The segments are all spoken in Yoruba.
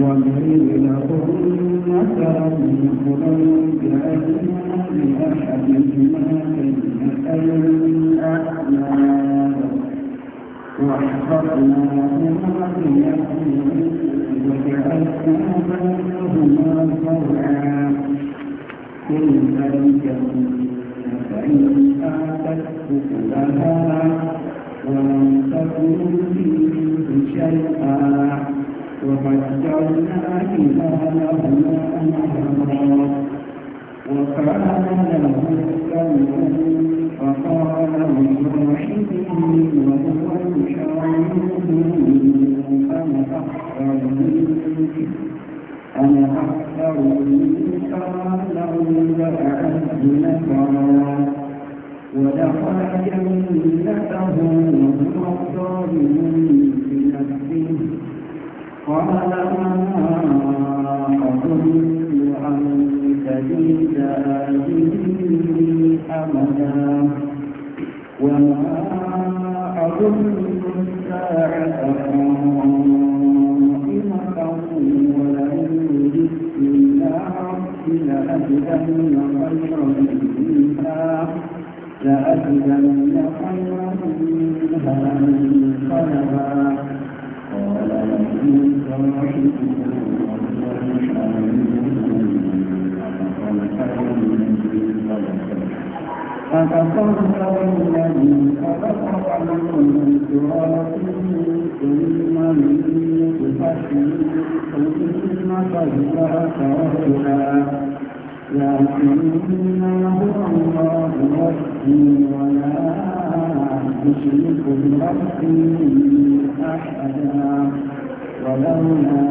ومن لهم مثلا خلق جعلنا لأحدهما جنتين أعناب وحفظناهما بيمين وجعلنا بينهما زرعا كلا الجنتين آتت أكلها ولم تكن فيه شيئا وقد وفجرنا خلالهما أنهارا وكان له كلب فقال لصاحبه وهو يشاعره أنا أكثر منك أنا أكثر منك ولو لأعد نفرا ولقد جنته وهو الظالم في نفسه قال ما أظن أن تزيد هذه أبدا وما أظن الساعة قائمة ولئن جئت إلى ربي لأجدن خيرا منها لأجدن خيرا منها انقلبا قال له صاحبه فتصدقوا الذي خلق عليكم من تراب ثم من نطفة ثم خلق فرجها لكنه الله ربي ولا أشرك بربي أحدا ولولا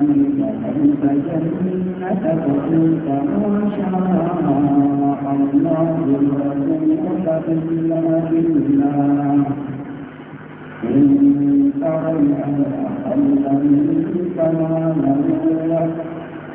إذ دخلت جنتك قلت ما شاء الله لا إله إلا إن ترى الأرض الذي كما لم يكن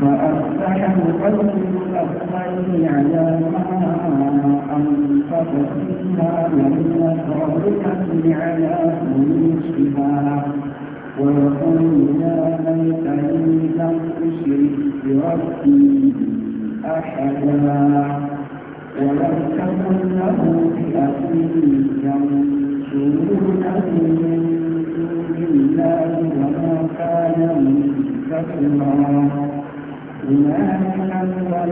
فأصبح القلب الأكمل على ما أنفق فيها وهي صادقة على فلوسها ويقول يا ليتني لم أشرك بربي أحدا ولم تكن له فئة ينصرونه من دون الله وما كان منتصرا الحق عقبا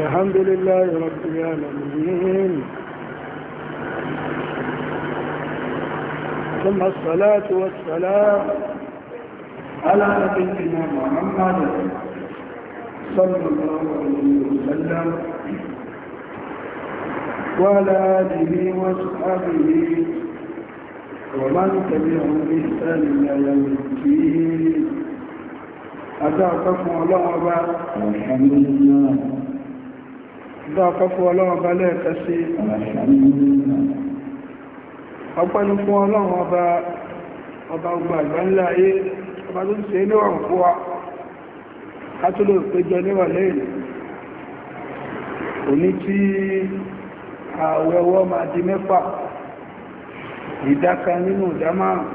الحمد لله رب العالمين ثم الصلاة والسلام على نبينا محمد صلى الله عليه وسلم وعلى آله وصحبه ومن تبعهم بإحسان إلى يوم الدين أدعكم الله أبا الحمد لله Dákọ́fún ọlọ́run ọba lẹ́ẹ̀kẹ́ sí ọpẹ́lú fún ọlọ́run ọba ọba ogun àgbà ńlá ayé ọba tó ń ṣe ní ọ̀rùn fún wa a tó lè péjọ níwà lẹ́yìn òní tí ààwẹ̀ ọwọ́ máa di mẹ́fà ìdáka nínú ìdá márùn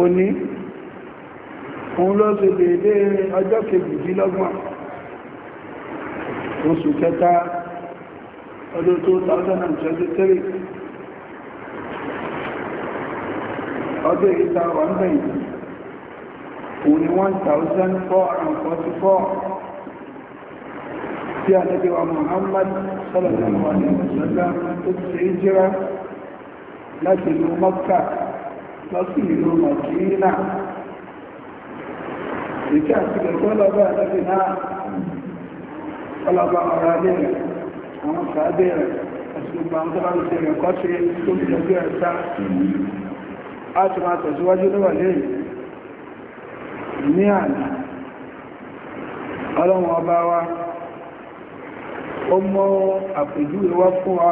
òní òun ló ṣe dédé ọjọ́ kejìdínlọ́gbọ̀n oṣù kẹta ọdún 2023 ọdún ìta wà ń bẹ̀yìn 1444 tí a lẹ́gbẹ̀ wa Muhammad sallallahu alaihi wasallam tó ti ṣe hijira láti ìlú Mọ́kà lọ sí ìlú Mọ̀kínà ìkẹ́ àti ẹ̀kọ́ lọ́gbà lẹ́gbẹ̀ náà ọlọ́gbà ọ̀rọ̀ alẹ́ rẹ̀ àwọn sàábẹ̀ rẹ̀ àti gbogbo àwọn tó bá ń ṣe rẹ̀ kọ́ sí tó ń lọ́gbẹ̀ ẹ̀ta a ti máa tẹ̀síwájú lọ́wọ́lẹ́ ní àná ọlọ́run ọba wa ọmọ àpèjúwe wá fún wa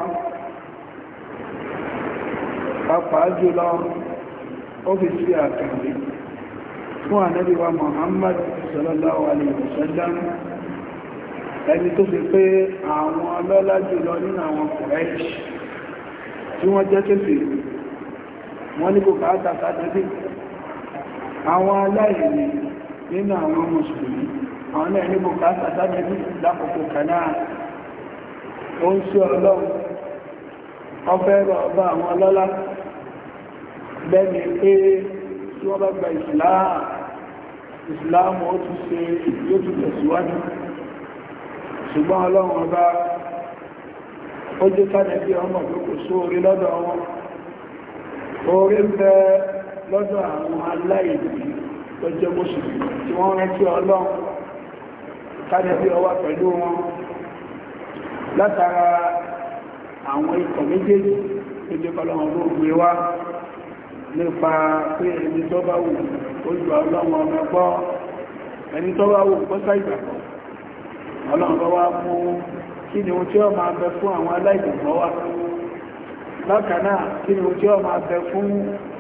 pàápàá jùlọ ọ́fíìsì àkàndé fún ànábì Muhammad sallallahu alaihi ẹni tó fi pé àwọn ọlọ́lá jùlọ nínú àwọn kùrẹ́ṣì tí wọ́n jẹ́ ka wọ́n ní kò káàtà sáàtàbí àwọn aláìní nínú àwọn mùsùlùmí àwọn náà ní kò káàtà ó ń ṣe ọlọ́run ọfẹ́ rọ ọba àwọn ọlọ́lá bẹ́ẹ̀ni pé tí wọ́n bá gba ìsìláà ìsìláàmù ó ti ṣe yóò ti tẹ̀síwájú ṣùgbọ́n ọlọ́run ọba ó jẹ́ káàdẹ̀ bí ọmọ tó kò só orí lọ́dọ̀ wọn orí ń bẹ lọ́dọ̀ àwọn aláìní tó jẹ́ mọ́sùlùmí látara àwọn ikọ̀ méjèèjì tó jẹ́ kọlọ́wọ́n ló gbé wá nípa pé ẹni tó bá wù ó ọlọ́wọ́n ẹni tó bá wù ọlọ́wọ́n bá wá mú kí ni ohun tí ó máa bẹ fún àwọn kí ni ohun tí ó máa bẹ fún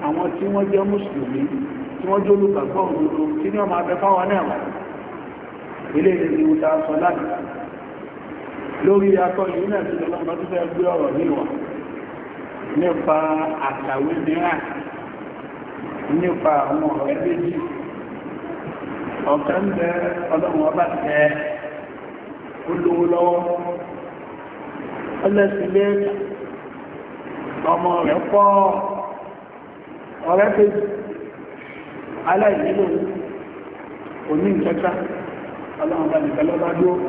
àwọn tí wọ́n jẹ́ mùsùlùmí tí wọ́n lórí akọ́lù náà tí lọ́nà tó fẹ́ gbé ọ̀rọ̀ nípa àkàwé mìíràn nípa àwọn ọ̀kan ọlọ́run ọba tẹ olówó lọ́wọ́ ọlẹ́sílẹ̀ ọmọ rẹ̀ pọ̀ ọ̀rẹ́ aláìnílò oní ìjẹta ọlọ́run ọba nìkan lọ́ba dúró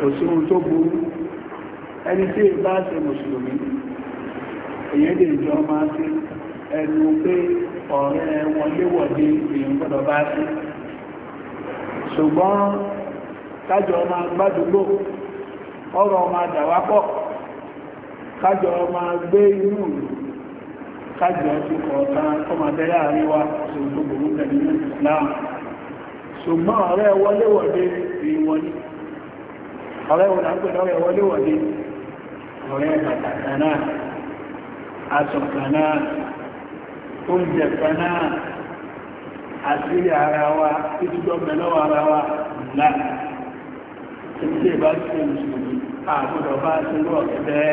kò sí ohun tó burú ẹni tí ìbá ṣe mùsùlùmí èyí lè jọ máa ẹnu pé ọ̀rẹ́ wọn léwọ̀dé èyí gbọ́dọ̀ bá ṣùgbọ́n kájọ máa gbádùgbò ọ̀rọ̀ ọmọ dàwápọ̀ kájọ máa gbé inú kájọ ti kọ̀ọ̀kan kọmọdé ṣùgbọ́n wọlé ọ̀rẹ́ wọn láńpẹ̀ lọ́rẹ̀ wọlé wọlé ọ̀rẹ́ bàtà kanáà aṣọ kanáà oúnjẹ kanáà àṣírí ara wa títúgbọ́ mẹ́lọ́wọ́ ara wa ńlá tí ìbá ṣe mùsùlùmí àbúdọ̀ bá ṣe lọ́ ẹ̀bẹ́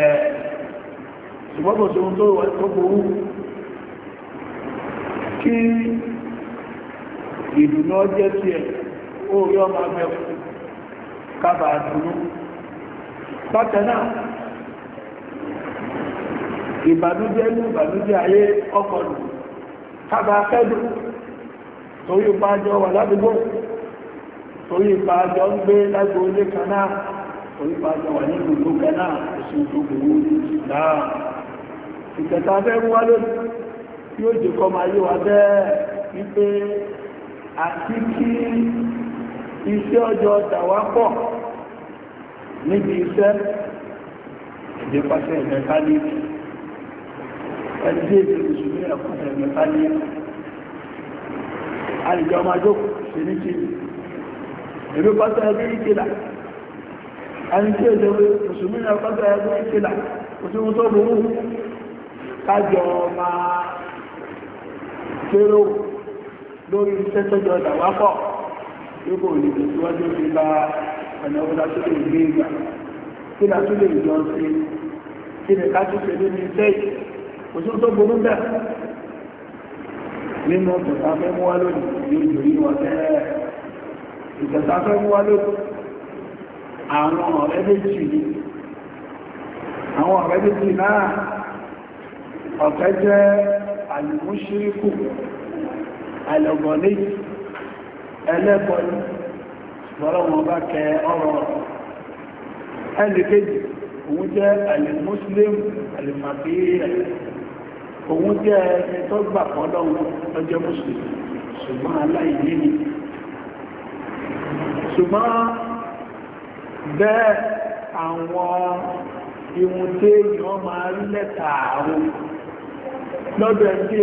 ṣùgbọ́n kò tóun tó wọ́n tó gbowó kí ìdùnnà jẹ́ tiẹ̀ ó rí ọmọ abẹ́kù kábà dúró náà ìbànújẹ́ ní ìbànújẹ́ ayé ọkọ̀lù kábà fẹ́dù torí ìpájọ wà ládùúgbò torí ìpájọ ń gbé lágbó ilé kan náà torí ìpájọ wà ní ìlú kan náà oṣù tó ìtẹ̀ta fẹ́ wá lónìí jẹ́ níbi iṣẹ́ na mẹkáníkì ẹgbẹ́ ìrìnṣù ní ẹ̀kùnṣẹ̀ mẹkáníkì àìjọ máa jókòó sí ní kí ìlú pátá ẹgbẹ́ ìkìlà ẹni tí èdè mùsùlùmí ẹgbẹ́ ìkìlà òṣùwò tó burú kájọ máa fẹ́rọ lórí iṣẹ́ tọ́jọ́ ìdàwápọ̀ yóò kò lè tẹ̀síwájú sí bá ọ̀nà ọ̀la tó lè gbé ìgbà kí la tó lè jọ sí kí ni ká tó ṣe lórí iṣẹ́ yìí kò sí tó burú bẹ́ẹ̀ nínú ìjọba fẹ́ mú wá lónìí ní ìjòyí wọn fẹ́ẹ́ ìjọba fẹ́ mú wá lónìí àwọn ọ̀rẹ́ méjì lọ́lọ́wọ́n bá kẹ ọ̀rọ̀ ẹlẹ́kejì òun jẹ́ alìmúslim alìmàbíyà òun jẹ́ ẹni tó gbà pọ́lọ́wọ́n tó jẹ́ muslim ṣùgbọ́n aláìní ni ṣùgbọ́n bẹ́ẹ̀ àwọn ìwọ̀n tí èèyàn máa rí lẹ́ta àrùn lọ́dọ̀ ẹ̀kí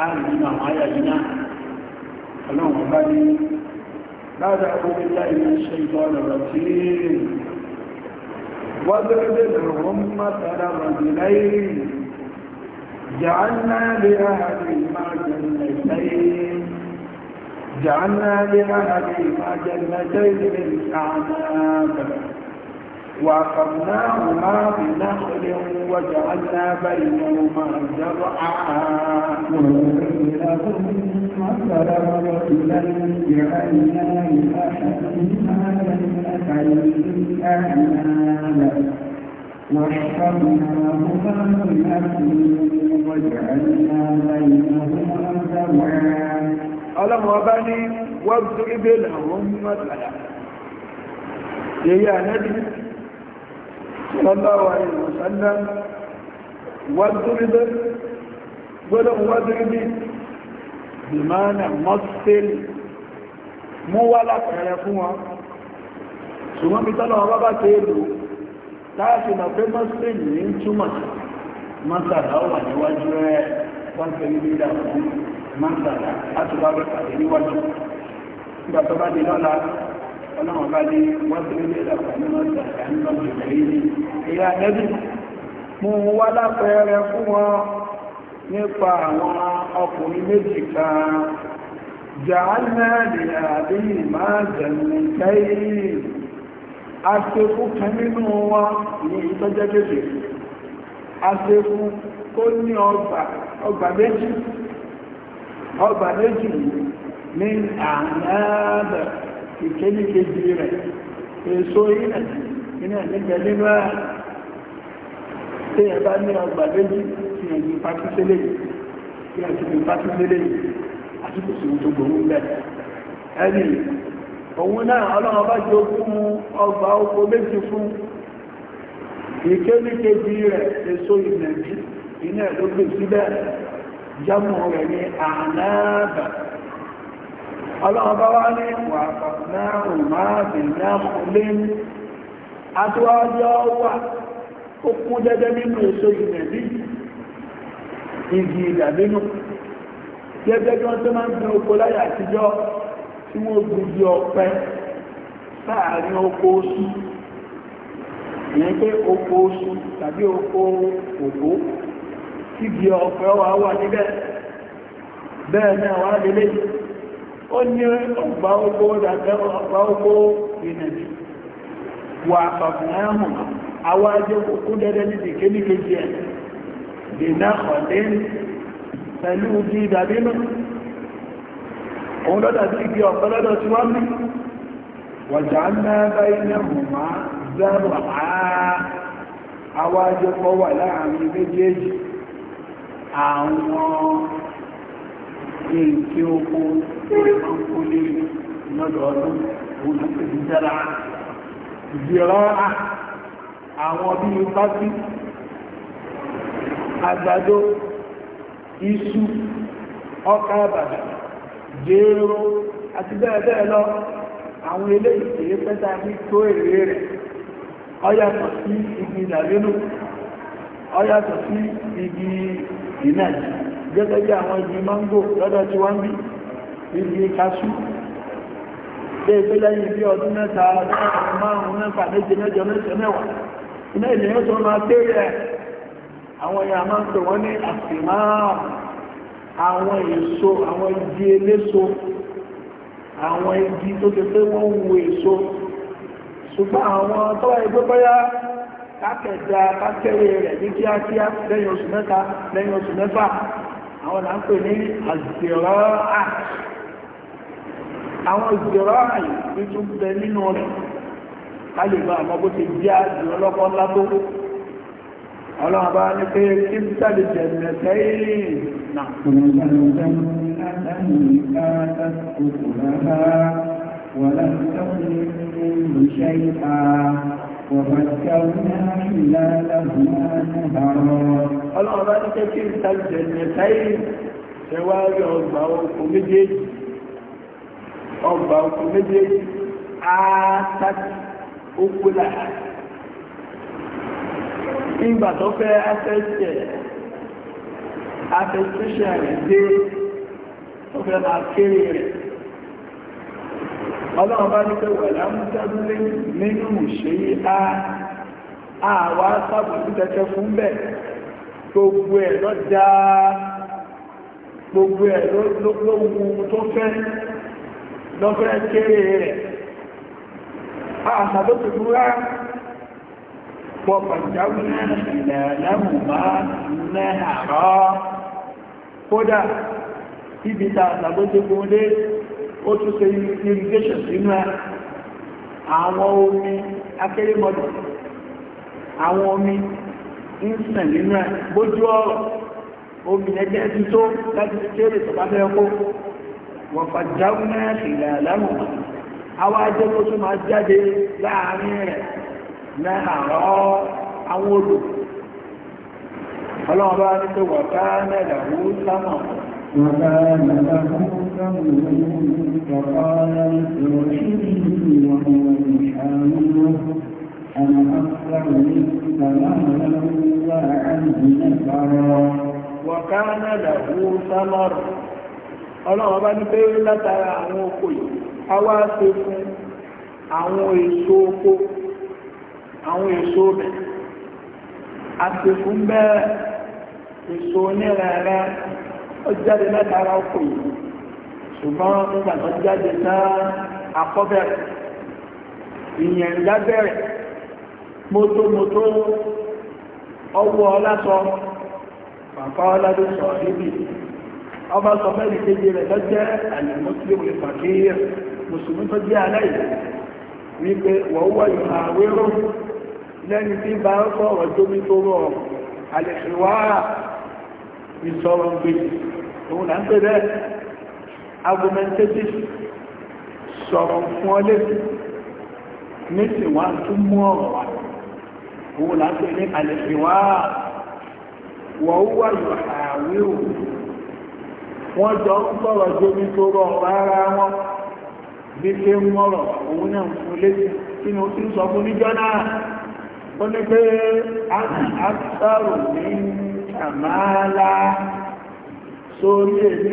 ààrùn nínú àwọn ayà yìí náà ọlọ́run bá ní láàrín àkókò láì ní ṣe ìtọ́nà rọ̀tí wọ́n bẹ̀rẹ̀ lọ́rùn mọ́tàrà rọ̀dìláì جعلنا لأهلهما جنتين جعلنا لأهلهما جنتين من أعناب وعقرناهما بنخل وجعلنا بينهما زرعا وإلى مثلا رجلا جعلنا لأحدهما جنتين أعنانا وحرمناهما من وجعلنا بينهما زرعا ألم وبني واضرب لهم مثلا يا نبي sallallahu alaihi wasallam wádúrídẹ́ gbọ́dọ̀ wádúrídẹ́ bìmánà mọ́sílì mú wá látàrẹ fún wọn ṣùgbọ́n bí tọ́lọ̀ wọn bá tẹ́ èlò láti nà pé mọ́sílì ní túmọ̀ mọ́sàdá wà níwájú rẹ̀ wọ́n tẹ́ ní rẹ̀ pàdé níwájú ìgbàtọ́ bá lọ́la ọlọ́run bá ní wọ́n ti rí lẹ́lẹ̀ pẹ̀lú ọjà ìdáńtọ́ ìgbẹ̀rẹ́ ní ìyá nẹ́bí mú wá lápẹẹrẹ fún wọn nípa àwọn ọkùnrin méjì kan jàánà lè àbí máa jẹ̀mù kẹ́yì aṣekú kan nínú wọn ní ìtọ́jẹ́ kéde aṣekú tó ní ọgbà méjì ọgbà méjì ní àná ìkéníkejì rẹ̀ èso iná iná nígbẹ̀ nínú ẹ̀ tí ẹ bá ní ọgbà lẹ́jì tí ẹ̀ ní pàtíṣẹ́lẹ̀ tí ẹ̀ ti fi pàtíṣẹ́lẹ̀ àti kò sí tó gbòrú lẹ̀ ẹni òun náà ọlọ́run bá jẹ́ okú ọgbà oko méjì fún ìkéníkejì rẹ̀ èso iná iná ló gbé síbẹ̀ jámù rẹ̀ ní ànáàbà ọlọ́run bá wá ní wà pàtàkì máa fi náà lé àtúwájọ́ wà ó kún jẹ́jẹ́ nínú èso ilẹ̀ bí igi ìdàbínú jẹ́jẹ́ bí wọ́n tó máa ń gbin oko láyé àtijọ́ tí wọ́n gbùgbì ọ̀pẹ oṣù ìyẹn pé oko oṣù tàbí oko òbó tí bí ọ̀pẹ wà wà níbẹ̀ bẹ́ẹ̀ náà wà lélẹ́yìn ó ní ọgbà ogbó dàgbẹ́ ọgbà ogbó ìnàjì wà àpapọ̀ àwọn ajé kòkó dẹ́dẹ́ ní ìké ní kejì ẹ̀ dènà ọ̀dẹ́ pẹ̀lú bí ìdàbínú òun lọ́dà sí ibi ọ̀pọ̀lọ́dọ̀ tí wọ́n ní wọ̀já náà báyìí náà mọ̀ máa zẹ́rọ àwọn ajé kọ́ wà láàrin méjèèjì àwọn e kí ó kó ó lé lọ́dọ̀ ọdún òun ló pè ní dára ìdíra àwọn bí i bẹ́ẹ̀bẹ́ẹ̀ lọ àwọn ilé ìpèé pẹ́ta ní tó èrè rẹ̀ ọyàtọ̀ sí igi ìdàrínú ọyàtọ̀ sí igi gẹ́gẹ́ bí àwọn igi mango lọ́dọ̀ tí wọ́n bí igi kaṣú lè tó lẹ́yìn bí ọdún mẹ́ta ọdún márùn-ún mẹ́fà méje mẹ́jọ mẹ́sọ mẹ́wàá iná ènìyàn tó máa tẹ́rẹ̀ àwọn èèyàn máa ń pè wọ́n ní àfìmáà àwọn èso àwọn igi eléso àwọn igi tó ti pé wọ́n ń wo èso ṣùgbọ́n àwọn tọ́wọ́ ẹgbẹ́ bọ́yá kákẹ̀dá kákẹ́rẹ́ rẹ̀ ní kíákíá lẹ́yìn oṣù mẹ́ta lẹ́yìn oṣù mẹ́fà àwọn là ń pè ní àzìrọ́à àwọn àzìrọ́à yìí tó bẹ nínú rẹ̀ ká lè bá àmọ́ bó ti jẹ́ àzìrọ́lọ́pọ̀ ńlá tó ọlọ́run bá ní pé kí ń tàbí jẹ̀mẹ̀ sẹ́yìn Ọlọ́run bá ní kẹ́ kí ìtàjẹ̀ nẹ̀táyì ṣẹwà rí ọgbà okùn méjèèjì, ọgbà okùn méjèèjì, àátàkì okùn láà. Ìgbà tó fẹ́ afẹ́ṣẹ̀, afẹ́ṣẹ̀ rẹ̀ dé, tó fẹ́ máa kéré rẹ̀ ọlọ́run bá ní pé wẹ̀lá ń tẹ́lẹ̀ nínú ìṣe àwà sábùsí tẹ́tẹ́ fún bẹ̀ gbogbo ẹ̀ lọ dáa gbogbo ẹ̀ lówun tó fẹ́ lọ́fẹ́ kéré rẹ̀ àṣàdókè búrá pọ̀ pàjáwì ìlàlámù máa ó tún ṣe irrigation sínú ẹ àwọn omi akérèmọdò àwọn omi insulin nínú ẹ bójú ọ̀rọ̀ omi ẹgbẹ́ ti tó láti kéré tó bá fẹ́ kó wọ́n fàjáwó náà ìlà lánà àwọn ajẹ́ tó tún máa jáde láàárín rẹ̀ láàárọ̀ àwọn odò ọlọ́run bá ní pé wọ̀ká mẹ́lẹ̀ wú sámọ̀ wọ̀ká mẹ́lẹ̀ wú فقال لصاحبه ọlọ́run bá ní pé látara àwọn oko yìí a wá ṣe fún àwọn èso ọkụ àwọn èso bẹ̀ a ṣe fún bẹ́ẹ̀ èso onírẹ̀ẹ́rẹ́ ó jáde látara oko yìí ṣùgbọ́n nígbà tó jáde náà akọ́bẹ̀rẹ̀ ìyẹn lábẹ́rẹ̀ mótómótó ọwọ́ ọlásọ bàbá ọládó sọ níbi ọba sọ mẹ́rin kéje rẹ̀ tó jẹ́ àlùmọ́sílẹ̀ ìpàkíyẹ̀ mùsùlùmí tó jẹ́ aláìlẹ̀ wípé wọ́wọ́ ìhà wérò lẹ́ni tí bá ń sọ̀rọ̀ jómi tó argumentative sọ̀rọ̀ fún ọ lẹ́sìn nísìn wá tún mú ọ̀rọ̀ wá òun láti ní àlẹ́sìn wá wọ́n wà yọ̀ àwẹ́ òun wọ́n jọ ń sọ̀rọ̀ jómi tó rọ̀ rárá wọn bí pé ń mọ̀rọ̀ òun náà fún lẹ́sìn kí ni ó ti ń sọ fún níjọ́ náà ó ní pé àtàrò ní kàmáàlá sórí èdè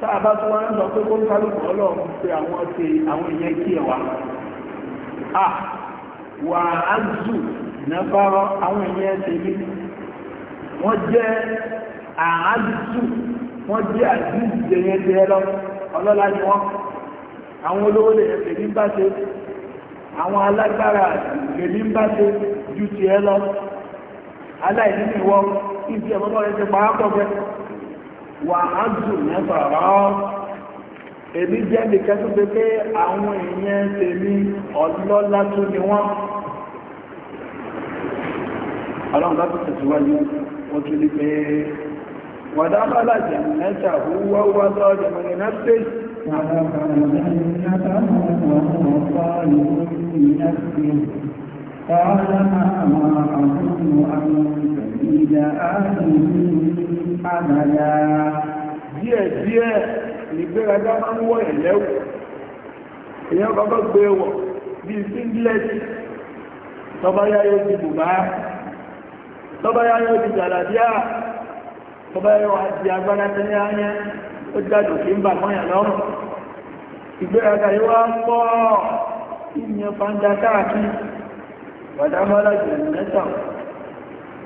tá a bá tún wá ń lọ pé kó ń kálukú ọlọ́run pé àwọn ṣe àwọn èèyàn kí ẹ̀ wá à wà á zù nàbà àwọn èèyàn ṣe mí wọ́n jẹ́ àádùsù wọ́n jẹ́ àdúgbò jẹyẹjẹ lọ ọlọ́lá ni wọ́n àwọn olówó lè ẹ̀fẹ̀ ní bá ṣe àwọn alágbára ìgbèlí ń bá ṣe ju ti ẹ lọ aláìní ìwọ ìfi ẹ̀mọ́mọ́ rẹ̀ ti pàápọ̀ bẹ́ẹ̀ wà á jù mẹ́fà rọ́ èmi jẹ́ nìkan tó ṣe pé àwọn èèyàn tèmi ọlọ́lá tó ni wọ́n ọlọ́run bá tó tẹ̀síwájú wọ́n tún ní pé wàdá bá lájẹ̀ mẹ́ta wúwọ́ wá sọ́ọ́dẹ̀ mọ́ni náà pèsè قال ما أظن أن ìdá ààrùn àgbàdà díẹ̀díẹ̀ ìgbéraga máa ń wọ́ èyàn kọ́kọ́ gbé wọ̀ bí i singlet tọbáyá yóò bùbá tọbáyá yóò ya yóò di agbára tẹ́lẹ̀ ayẹ́ ó ń bà mọ́yà lọ́rùn ìgbéraga yóò wá pọ̀ ìyẹn fanda káàkiri wàdámọ́lá jẹ̀rù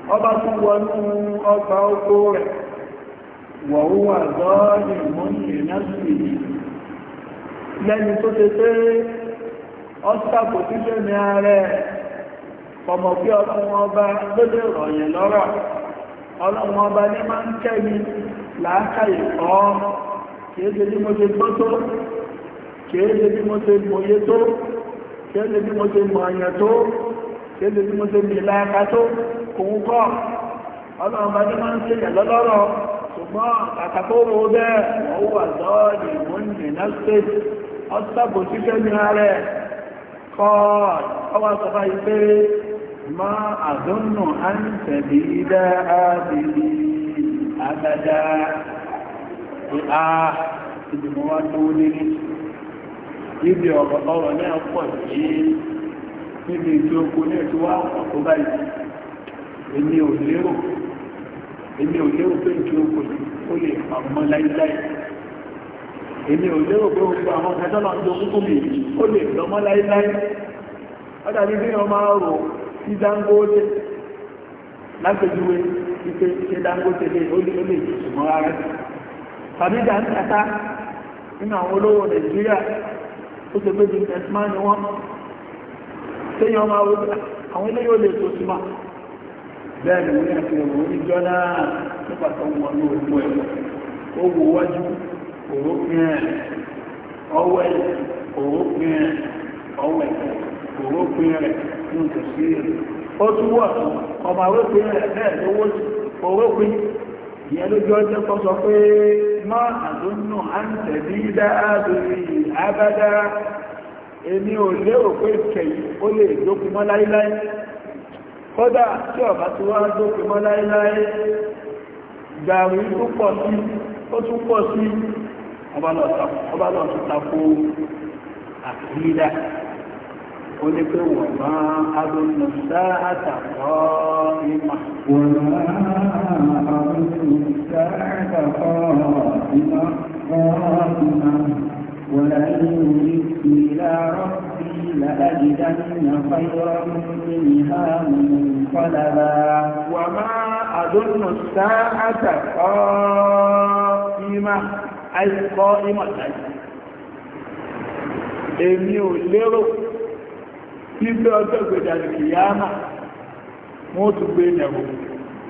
ọba tún wọnú ọgbà oko rẹ̀ wọ̀húwà zọ́ọ̀lì mọ́nìyàn náà sì lẹ́ni tó ṣe pé ọ́sàkò títẹ́ ní ààrẹ ọmọ bí ọlọ́run ọba lóde ìrọ̀yìn lọ́rọ̀ ọlọ́run ọba ní máa ń kẹ́mi làákàyè kọ́ kìí ṣe bí òun kọ́ ọlọ́run bá ní máa ń ṣe ìyàlọ́lọ́rọ̀ ṣùgbọ́n àtàkóró bẹ́ẹ̀ wọ́n wà lọ́ọ̀dì ìmúnì násìtì ọ́sàbò ní ààrẹ kọ́ ọwọ́ ma àdúnnù á ń tẹ̀lé ìdá àbìlì àgbàdá ìhà ìdìmọ̀wá ọ̀rọ̀ níbi ní ọ̀pọ̀ báyìí èmi ò lérò èmi ò lérò pé ìjọ kò sí ó lè pàmọ́ láíláí èmi ò lérò pé ó gba àwọn náà jọ kúkú mi ó lè lọ́mọ́ láíláí ọjà bí wọ́n máa rò sí Dangote lápẹjúwe ike ṣe Dangote lè ó lè ara tàbí dáńtàtà nínú àwọn olówó Nàìjíríà ó pé ni wọ́n tẹ́yìn ọmọ àwọn ilé yóò lè tó sí bẹ́ẹ̀ ni wọ́n yẹn fi òwò níjọ́ náà wọn ní ẹ̀ wo wájú òrópin ẹ̀ ọwọ́ ẹ̀ òrópin ẹ̀ ọwọ́ ẹ̀ òrópin rẹ̀ ní ìtòsí rẹ̀ ó tún wọ̀ ọmọ òrópin rẹ̀ bẹ́ẹ̀ lówó òrópin ìyẹn lójú ọjọ́ kódà tí ọ̀bá tí wọ́n tó fi mọ́ láíláí gbàrí tó pọ̀ sí ó tún pọ̀ sí ọba lọ tó tako àkídà ó ní pé wọ̀n máa agbóhùn sáàtà kọ́ ìmà wọ́n máa agbóhùn sáàtà kọ́ ìmà ولئن جئت إلى ربي لأجدن خيرا منها منقلبا وما أظن الساعة قائمة أي قائمة èmi ò lérò ibi ọjọ́ ìgbèjà lè kìí ámà wọ́n tún gbé ẹ̀wọ̀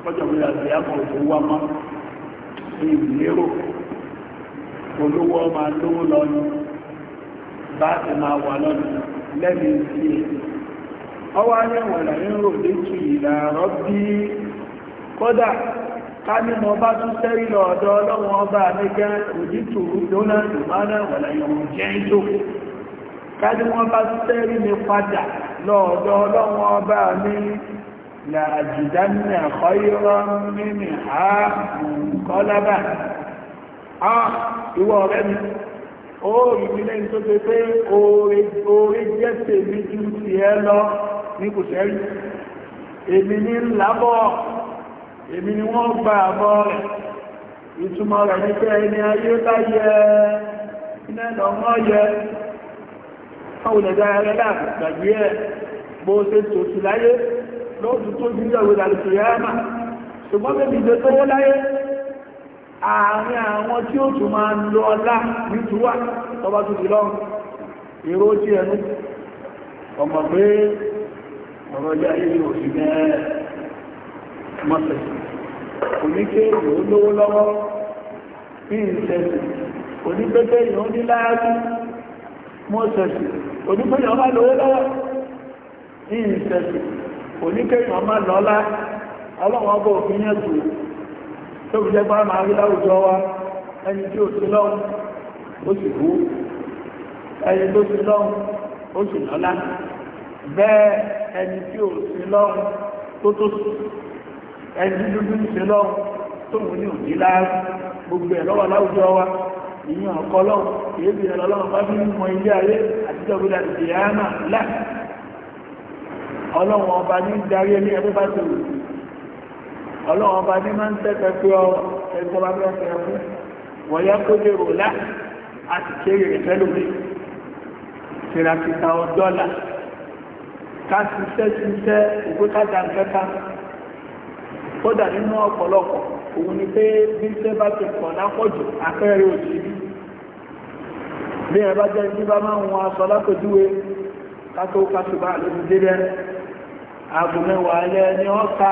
ọjọ́ ìgbèjà lè ámà òṣèwọ́ mọ́ èmi lérò olówó ọmọ lówó lọ́nà bá ti máa wà lọ́nà lẹ́nu sí ẹ̀ ọwá ní wọ̀nà ń létí ìlàrọ̀ bí kódà ká ní mọ bá tún sẹ́rí lọ ọ̀dọ̀ ọlọ́wọ́n ọba amẹ́gá òjítù lónà ìmánà wọ̀nà ìrùn jẹ́ ìjò ká ní wọ́n bá tún sẹ́rí mi padà lọ́ọ̀dọ̀ ọlọ́wọ́n ọba ah ìwọ ọ̀rẹ́ mi ó ìpínlẹ̀ tó ṣe pé oore jẹ́ tèmi ju ti ẹ lọ ní kò sẹ́rí èmi ní lábọ̀ èmi ni wọ́n gba àbọ̀ rẹ̀ ìtumọ̀ rẹ̀ ní pé ẹni ayé bá yẹ iná lọ́mọ yẹ ọ̀hún ẹ̀dá ẹ̀rẹ́ láàbù gbàgbé ẹ̀ bó ṣe tòṣù láyé lóòtú tó jíjẹ̀ òwe làlùkù yẹ́ mà ṣùgbọ́n bẹ́ẹ̀ àárín àwọn tí ó tún máa lọ ọlá nítúwà tọba tó ti lọ́rùn èrò tí ẹnu ọmọ pé ọ̀rọ̀ ilé ayé yóò sì bẹ́ẹ̀ mọ́sẹ̀ oníkẹ́ lówó lọ́wọ́ ìṣẹ́sì ní láàájú mọ́sẹ̀sì onípẹ́yàn ọmọ lówó lọ́wọ́ ìṣẹ́sì òfin tó fi jẹ́ bá máa rí láwùjọ wa ẹni tí ó ti lọ́wọ́ ó sì kú ẹni tó ti lọ́wọ́ ó sì lọ́lá bẹ́ẹ̀ ẹni tí ó ti lọ́wọ́ tó tó sì ẹni dúdú ti lọ́wọ́ tó mú ní òní láàrín gbogbo ẹ̀ lọ́wọ́ láwùjọ wa ìyẹn ọ̀kọ́ lọ́wọ́ èébì ẹ̀rọ lọ́wọ́ bá fi mọ ilé ayé àtijọ́ gbé láti dìyànà láì ọlọ́wọ́ ọba ní darí ẹni ẹgbẹ́ bá ti rò ọlọ́run ọba ní máa ń tẹ́tẹ́ pé ọ ẹgbẹ́ bá bẹ́ẹ̀ fẹ́ fún wọ́n yẹ kó lérò lá àti kéré rẹ̀ fẹ́ lómi tìràkìtà ọ̀dọ́là ká ṣiṣẹ́ ṣiṣẹ́ ìgbékàjà nkẹta kódà nínú ọ̀pọ̀lọpọ̀ òun ni pé bí iṣẹ́ bá ti pọ̀ lápọ̀jù afẹ́rẹ́ òsì bí ẹ bá jẹ́ ní bá máa ń wọn aṣọ lápòjúwe kátó kásùbà lóbi délẹ̀ aago mẹ́wàá alẹ́ ni wọ́n ka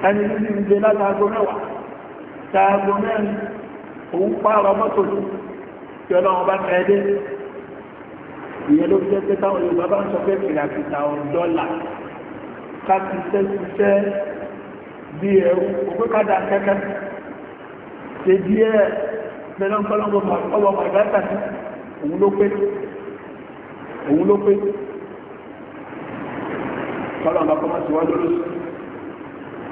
ẹni ní ìjẹ látàgbò mẹ́wàá tààgbò mẹ́rin òun pààrọ̀ mọ́tò ní tí ọlọ́run bá kẹ́ẹ́dé ìyẹn ló jẹ́ pé táwọn Yorùbá bá ń sọ pé kìlàkìlà ọ̀dọ́là káàkiri sẹ́síṣẹ́ bí ẹ̀rù òpé kádà kẹ́kẹ́ ṣe bí ẹ̀ mẹ́lọ́nkọ́lọ́gbọ̀ ọwọ́ màgbátà ní òun ló pé òun ló pé kọ́lọ̀ bá kọ́ sí wá lórí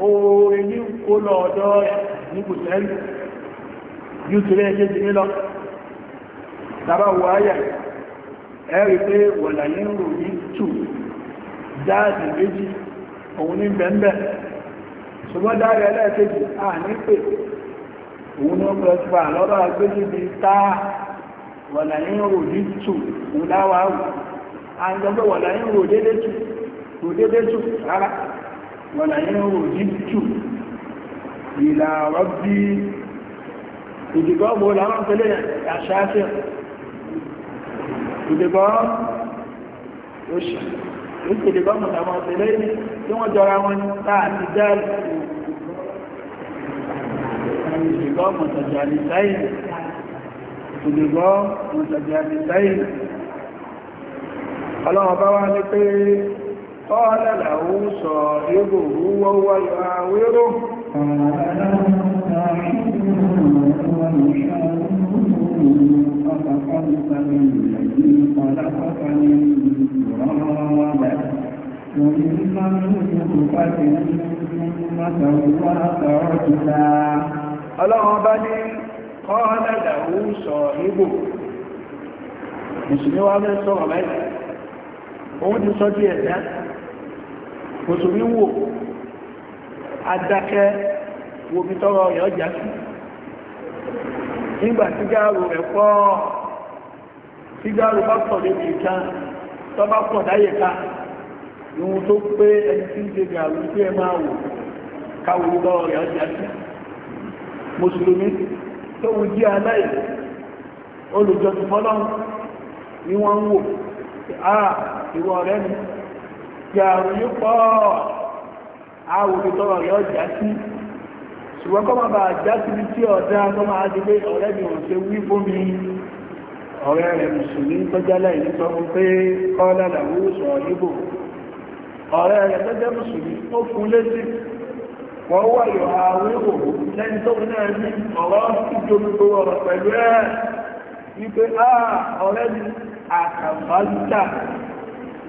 O ní kó lọ ọ̀dọ́ rẹ̀ ní kò sẹ́rì yóò tó rẹ̀ kéjì nílọ tàbá wọ ayà ẹ̀rì pé wọ̀là ní tù dáàdì méjì òun ní bẹ̀m̀bẹ̀ ṣùgbọ́n dáàdì ẹlẹ́ẹ̀kejì à ní pè òun ní ọmọ ẹ̀fà lọ́rọ̀ agbéjìbí táà wọ̀là tù òun ولئن رجبت إلى ربي الجواب هو الأمر طلع الشافع الجواب وش انت الجواب من الأمر طلع ثم جرامون بعد ذلك الجواب متجالسين الجواب متجالسين الله أبوه لكي قال له صاحبه وهو يعاوره ففقلت بالذي خلقك من تراب ثم من نطفة ثم سواك رجلا الله بني قال له صاحبه مسلم وعلى الصغر بعيد هو دي صديق mùsùlùmí wò adákẹ́ wo bí tọrọ rẹ̀ sí nígbà sígáàrù rẹ̀ pọ̀ sígáàrù bá pọ̀ lébi kan tó bá pọ̀ dáyẹ̀ ká ìwọ̀n tó pé ẹni tí ń ṣe ẹ máa wò ọjà sí jàrù yí pọ̀ àwòrán tọrọ yọ jà sí ṣùgbọ́n kọ́ máa bà já sí ibi tí ọ̀dá tó máa di pé ọ̀rẹ́ mi ò ṣe wí fún mi ọ̀rẹ́ rẹ̀ mùsùlùmí tọ́já láì ní sọ fún pé kọ́lá làwọn òṣọ̀ ìbò ọ̀rẹ́ rẹ̀ tọ́já mùsùlùmí ó fún létí wọ́n wà yọ̀ àwọn ìbò lẹ́ni tó fún náà ní ọ̀rọ̀ ìjọba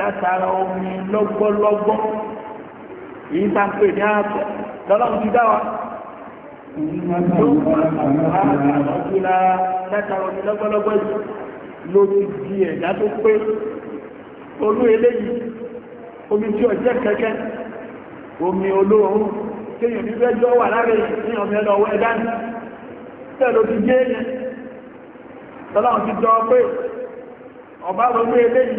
látara omi lọ́gbọ́lọ́gbọ́ èyí tá ń pè ní ààbò lọ́lọ́run ti dá wa látara omi lọ́gbọ́lọ́gbọ́ ló ti di ẹ̀dá tó pé olú eléyìí omi tí ọ̀jẹ́ kẹ́kẹ́ omi olóòrùn kéèyàn ní bẹ́jọ́ wà lára ní ọmọ ẹlọ ọwọ́ ẹ̀dá ní tẹ́lò ti gé ẹ̀yẹn tọ́lá ti jọ pé ọba lọ́gbọ́ eléyìí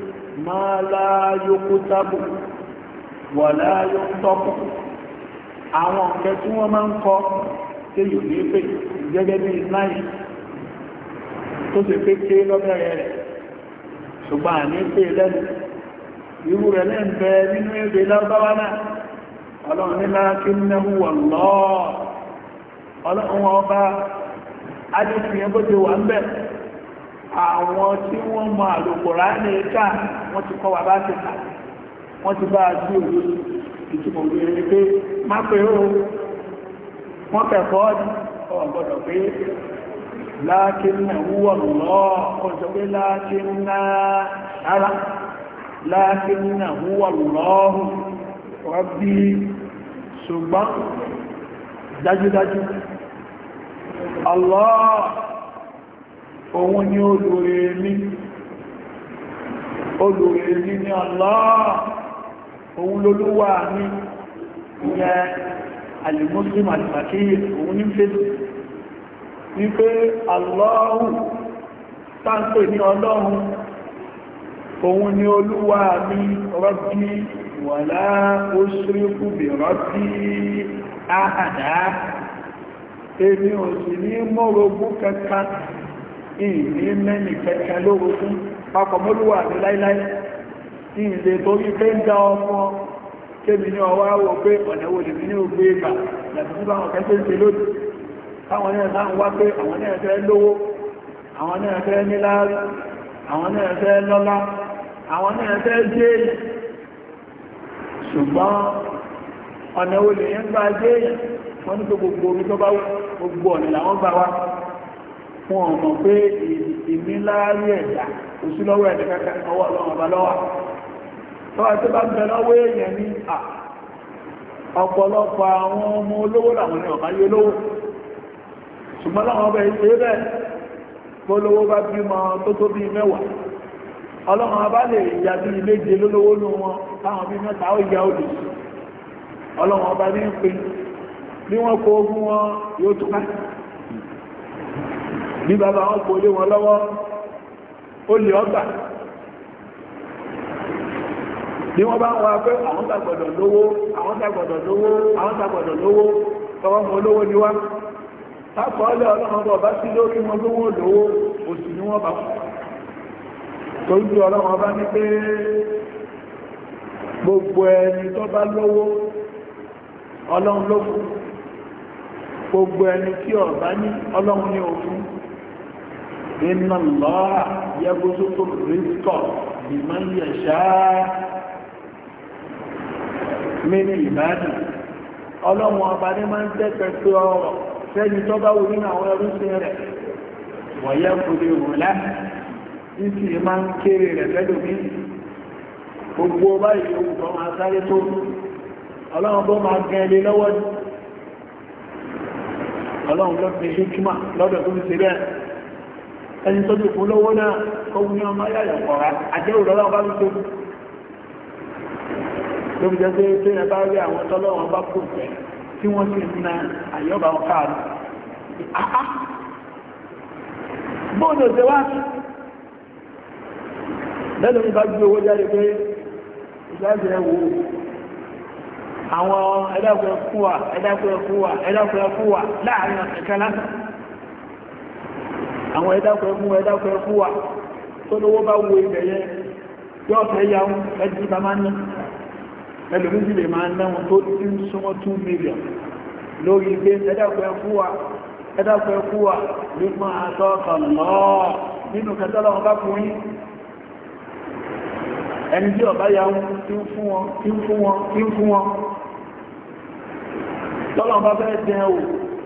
máa láyókú tábù wà láyókú tọ́pù àwọn ọ̀kẹ́ tí wọ́n máa ń kọ́ tí yóò ní pé gẹ́gẹ́ bí láì tó sì pé ké lọ́bẹ̀rẹ̀ rẹ̀ ṣùgbọ́n àní pé lẹ́nu irú rẹ̀ lẹ́ nínú èdè lọ́bàwá náà ọlọ́run ní láàkí àwọn tí wọ́n mọ àlòkòrá ní ẹ̀ká wọ́n ti kọ́ wà bá ti kà wọ́n ti bá sí òjò ìtumọ̀ òjò ní pé má pé ó wọ́n kẹ̀kọ́ ní pé láàkí náà wúwọ̀ lọ́ ọjọ́ pé láàkí òun ni olùrè mi, olùrè mi ni Allah òun lolúwà ní ìyẹ alìmọ́sílìm alìmàkíyè òun ní fèsì ní pé Allahu táńpẹ̀ ní ọlọ́run òun ni olúwà ní Rabbi ó bí èmi ò sì ní mọ́rogún ìní mẹ́ni kẹta lóru fún papọ̀ mọ́lúwà ní láíláí tí ilé tó yí pé ń dá ọmọ kémi ní ọwá wọ pé ọ̀nẹ́wò lè ní ògbé ìgbà láti sí báwọn kẹta ń ṣe lódì táwọn náà sáà ń wá pé àwọn náà fẹ́ lówó àwọn náà fẹ́ níláárí àwọn náà fẹ́ lọ́lá àwọn náà fẹ́ jẹ́ wọn ọmọ pé ìmíláárí ẹ̀dà kò sí lọ́wọ́ ẹ̀dẹ̀ kankan ọwọ́ ọlọ́wọ́ bá lọ́wọ́ tí bá bẹ lọ́wọ́ èèyàn ní ọpọlọpọ ọ̀pọ̀lọpọ̀ àwọn ọmọ olówó làwọn ní ọ̀bá lówó ṣùgbọ́n wọ́n bí bàbá wọn kò lé wọn lọ́wọ́ ó lè ọgbà bí wọ́n bá ń wá pé àwọn tàgbọ̀dọ̀ lówó àwọn tàgbọ̀dọ̀ lówó àwọn tàgbọ̀dọ̀ lówó tọwọ́ mọ olówó ni wá tápọ̀ọ́lẹ̀ ọlọ́run bọ̀ bá sí lórí wọn lówó lówó òsì ni wọ́n bá fún torí ọlọ́run bá ní pé gbogbo ẹni tó bá lówó ọlọ́run ló gbogbo ẹni tí ó ní ọlọ́run ní òfin inna Allaha yabsutu rizqa liman yasha' min ibadihi ọlọ́run ọba ní máa ń tẹ́tẹ́ pé ọrọ̀ sẹ́ni tó bá wù nínú àwọn ẹrúsìn rẹ̀ wọ̀nyẹ́ kò lè wò lá títí máa ń kéré rẹ̀ lẹ́lòmí gbogbo báyìí ohun tó sáré tó ọlọ́run tó máa gẹ ilé lọ́wọ́ ọlọ́run lọ́pẹ́ ṣíkímà lọ́dọ̀ tó ń ṣe bẹ́ẹ̀ ẹni tó dùkú lọ́wọ́ náà kọ́wọ́ ní ọmọ ayáyà kọ̀rá àjẹ́rù lọ́wọ́ bá ń tó ló fi jẹ́ pé tí ẹ bá rí àwọn tọ́lọ́wọ́ bá kò fẹ́ tí wọ́n sì ń na àyọ́bà káàdù bóòdò ṣe wá lẹ́nu bá gbé owó jáde pé ìjáde ẹwò àwọn ẹ̀dàkùn ẹ̀kú wà ẹ̀dàkùn ẹ̀kú wà ẹ̀dàkùn ẹ̀kú wà àwọn ẹ̀dàkọ̀ ẹkún ẹ̀dàkọ̀ ẹkún wà tó lówó bá wo ibẹ̀ yẹ yóò fẹ́ ya ń ẹjí bá máa ń ná ẹlòmín sì lè máa ń náwọn tó ti ń súnmọ́ 2 million lórí ilé ẹ̀dàkọ̀ ẹkún wà ẹ̀dàkọ̀ ẹkún wà nípa àtọ́kọ̀ lọ́ọ̀ nínú kẹtọ́lọ́ ẹni tí ọ̀bá ya ń fún wọn tí ń fún wọn tí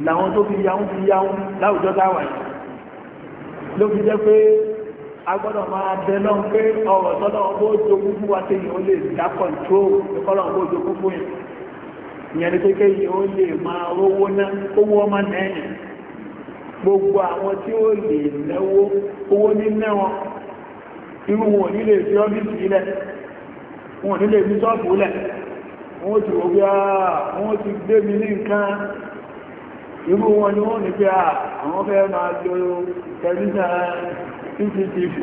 làwọn tó fi yahun fi yahun láwùjọ táwà yìí ló fi jẹ́ pé a gbọ́dọ̀ máa bẹ lọ́n pé ọ̀rọ̀ tọ́lọ́ ọgbó jogún fún wa tí yìí lè dá kọ̀ntró ìkọ́lọ̀ ọgbó jogún fún yìí ìyẹn ni pé kéyìí ó lè máa rówó ná owó ọmọ nẹ́yìn gbogbo àwọn tí ó lè náwó owó ní mẹ́wọn irú wọn ní lè fi ọ́fíìsì ilẹ̀ wọn irú wọn ni wọ́n ní pé àwọn fẹ́ máa lo tẹ̀lísàn cctv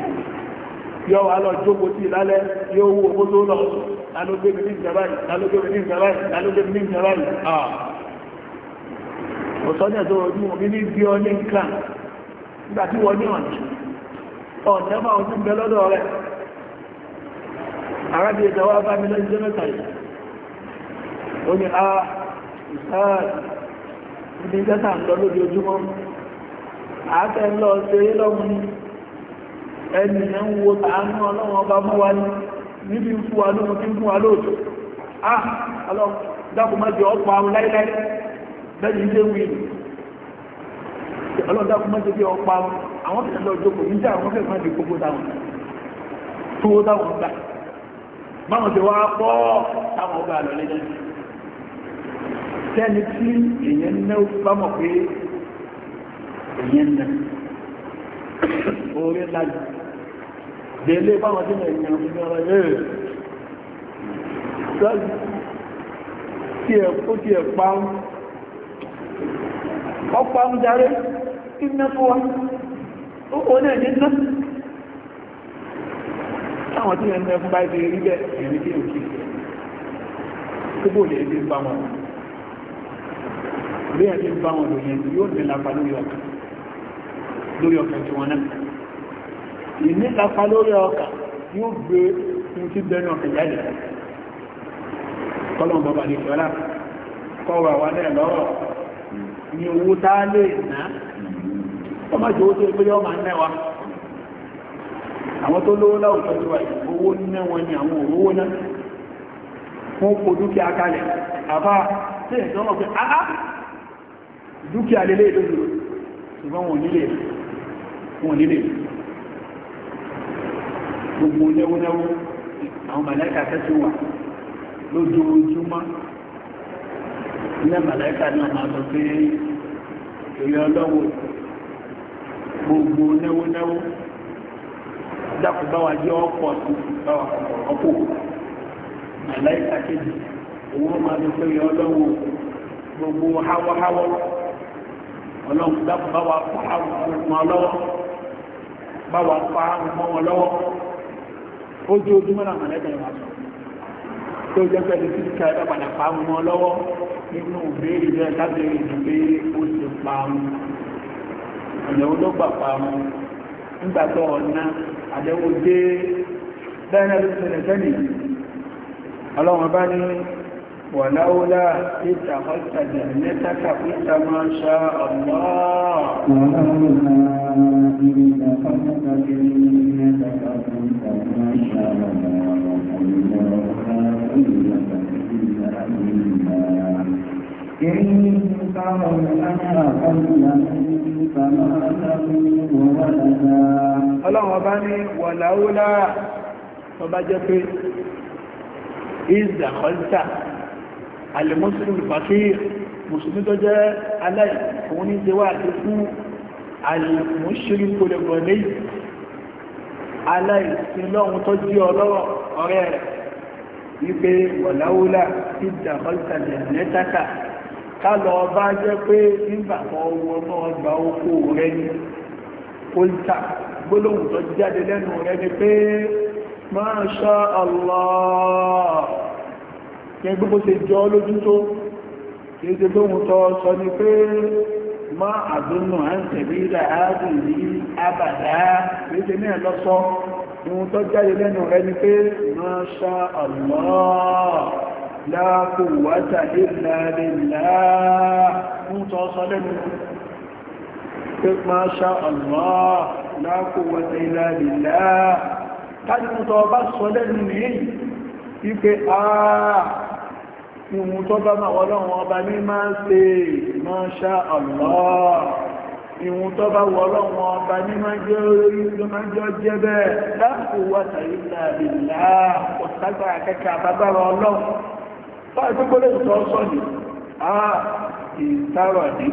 yọ wà lọ jókòó sí lálẹ́ yóò wó owó tó lọ lálógbé mi ní ìjọba yìí lálógbé mi ní ìjọba yìí lálógbé mi ní ìjọba yìí ọ̀sọ́jẹ̀ tó rọ̀jú omi ní bí ọ ní nǹkan nígbà tí wọ́n ní ọ̀nà ọ̀nà máa ojú ń bẹ lọ́dọ̀ rẹ̀ arábí ìjọba bá mi lẹ́jọ́ mẹ́ta yìí ó ní ibi tẹ́ta ń lọ lójoojúmọ́ àátẹ́ ń lọ ṣeré lọ́mù ní ẹnìyàn ń wo tàánú ọlọ́wọ́n ọba mọ́ wa ní níbi ń fún wa tí ń fún ah ọlọ́run dákùnmọ́jọ ọ̀pọ̀ ahụ bẹ́ẹ̀ni ilé wí àwọn di ọ tẹ́ni tí èyàn ná bá mọ̀ pé èyàn ná orí lájú délé báwọn tí wọ́n èyàn fún ọ̀rọ̀ yẹ́ lọ́jú tí ẹ̀ kó tí ẹ̀ pàún ọpá ń darí tí ná fún wa ó kò náà ní ná táwọn tí wọ́n ń mẹ́fún báyìí rí bẹ́ẹ̀ èyí tí ò kí bí ẹ̀ ti bá wọn lò yẹn yóò ní lápá lórí ọkà lórí ọkà tí wọn náà ìní lápá lórí ọkà yóò gbé ní tí bẹ́ẹ̀nà ọkà jáde kọlọ̀n bọ̀bà lè fẹ́lá kọwà wà náà lọ́rọ̀ ní owó táà lè náà ọmọ jù ó tó pé yọ́ máa náà wa àwọn tó lówó láwùjọ tó wà owó níná wọn ni àwọn òwúwó náà fún kò dúkìá kalẹ̀ àbá tí ìjọ́mọ̀ pé áá dúkìá lélẹ̀ lórí ṣùgbọ́n wọn nílé wọn nílé gbogbo lẹ́wọ́lẹ́wọ́ àwọn màláìkà tẹ́tí wà lójoojúmọ́ ilẹ̀ màláìkà náà máa sọ pé èrè ọlọ́wọ́ gbogbo lẹ́wọ́lẹ́wọ́ dákù jẹ́ ọkọ̀ ọkọ̀ màláìkà kejì òun máa sọ pé èrè gbogbo háwọ́háwọ́ ọlọ́run dákun bá wa pa àrùn wọn lọ́wọ́ bá wa pa àrùn wọn lọ́wọ́ ó dé ojúmọ́ náà mọ̀lẹ́bẹ̀rẹ̀ wà sọ tó jẹ́ pẹ̀lú títí ẹ̀rọ padà pa àrùn wọn lọ́wọ́ nínú ìbéèrè rẹ̀ lábẹ́rẹ́ ìdìbé ó ti pa àrùn ọ̀nà olóògbà pa àrùn nígbà tó ọ̀nà àdẹ́wò dé bẹ́ẹ̀ náà ló ti ṣẹlẹ̀ sẹ́nì ọlọ́run bá ní ولولا إذ دخلت جنتك قلت ما شاء الله ولولا إذ دخلت جنتك قلت ما شاء الله إن تروا لنا قولا فما له ولدا الله أباني ولولا فبجت إذ دخلت alìmọ́sílùm fàkíyà musulmi tó jẹ́ aláì òun ní jẹ́wà àti fún alìmọ́sílù kòlẹ̀gbọ̀lẹ́ aláì sí lọ́hun tó jí ọlọ́rọ̀ ọ̀rẹ́ rẹ̀ wípé wọ̀láwúlà tí dàkọ́lta lẹ́tàkà ká lọ bá jẹ́ pé nígbà ọwọ́ náà gba oko rẹ̀ ní gbólóhùn tó jáde lẹ́nu rẹ̀ ni pé máa ṣá Allah kẹ gbogbo ṣe jọ lójú tó kìí ṣe tó wùn tọ́ sọ ni pé mọ́ àdúnnù à ń tẹ̀lé ilẹ̀ ààrùn ní àbàdá kìí ṣe ní ẹ̀lọ́sọ́ ìwọ̀n tó jáde lẹ́nu rẹ ni pé Masha Allah la quwwata illa billah ń ìwọ̀n tó bá máa wọ́lọ́wọ́ ọba ní máa ń ṣe Masha Allah ìwọ̀n tó bá wọ́lọ́wọ́ ọba ní máa jẹ́ orí ló máa jọ jẹ́ bẹ́ẹ̀ la quwwata illa billah ọ̀ságbà akẹ́kẹ́ àbábára ọlọ́run bá ìgbégbólé ìtọ́ sọ́ọ̀dì á ìtàrọ̀dì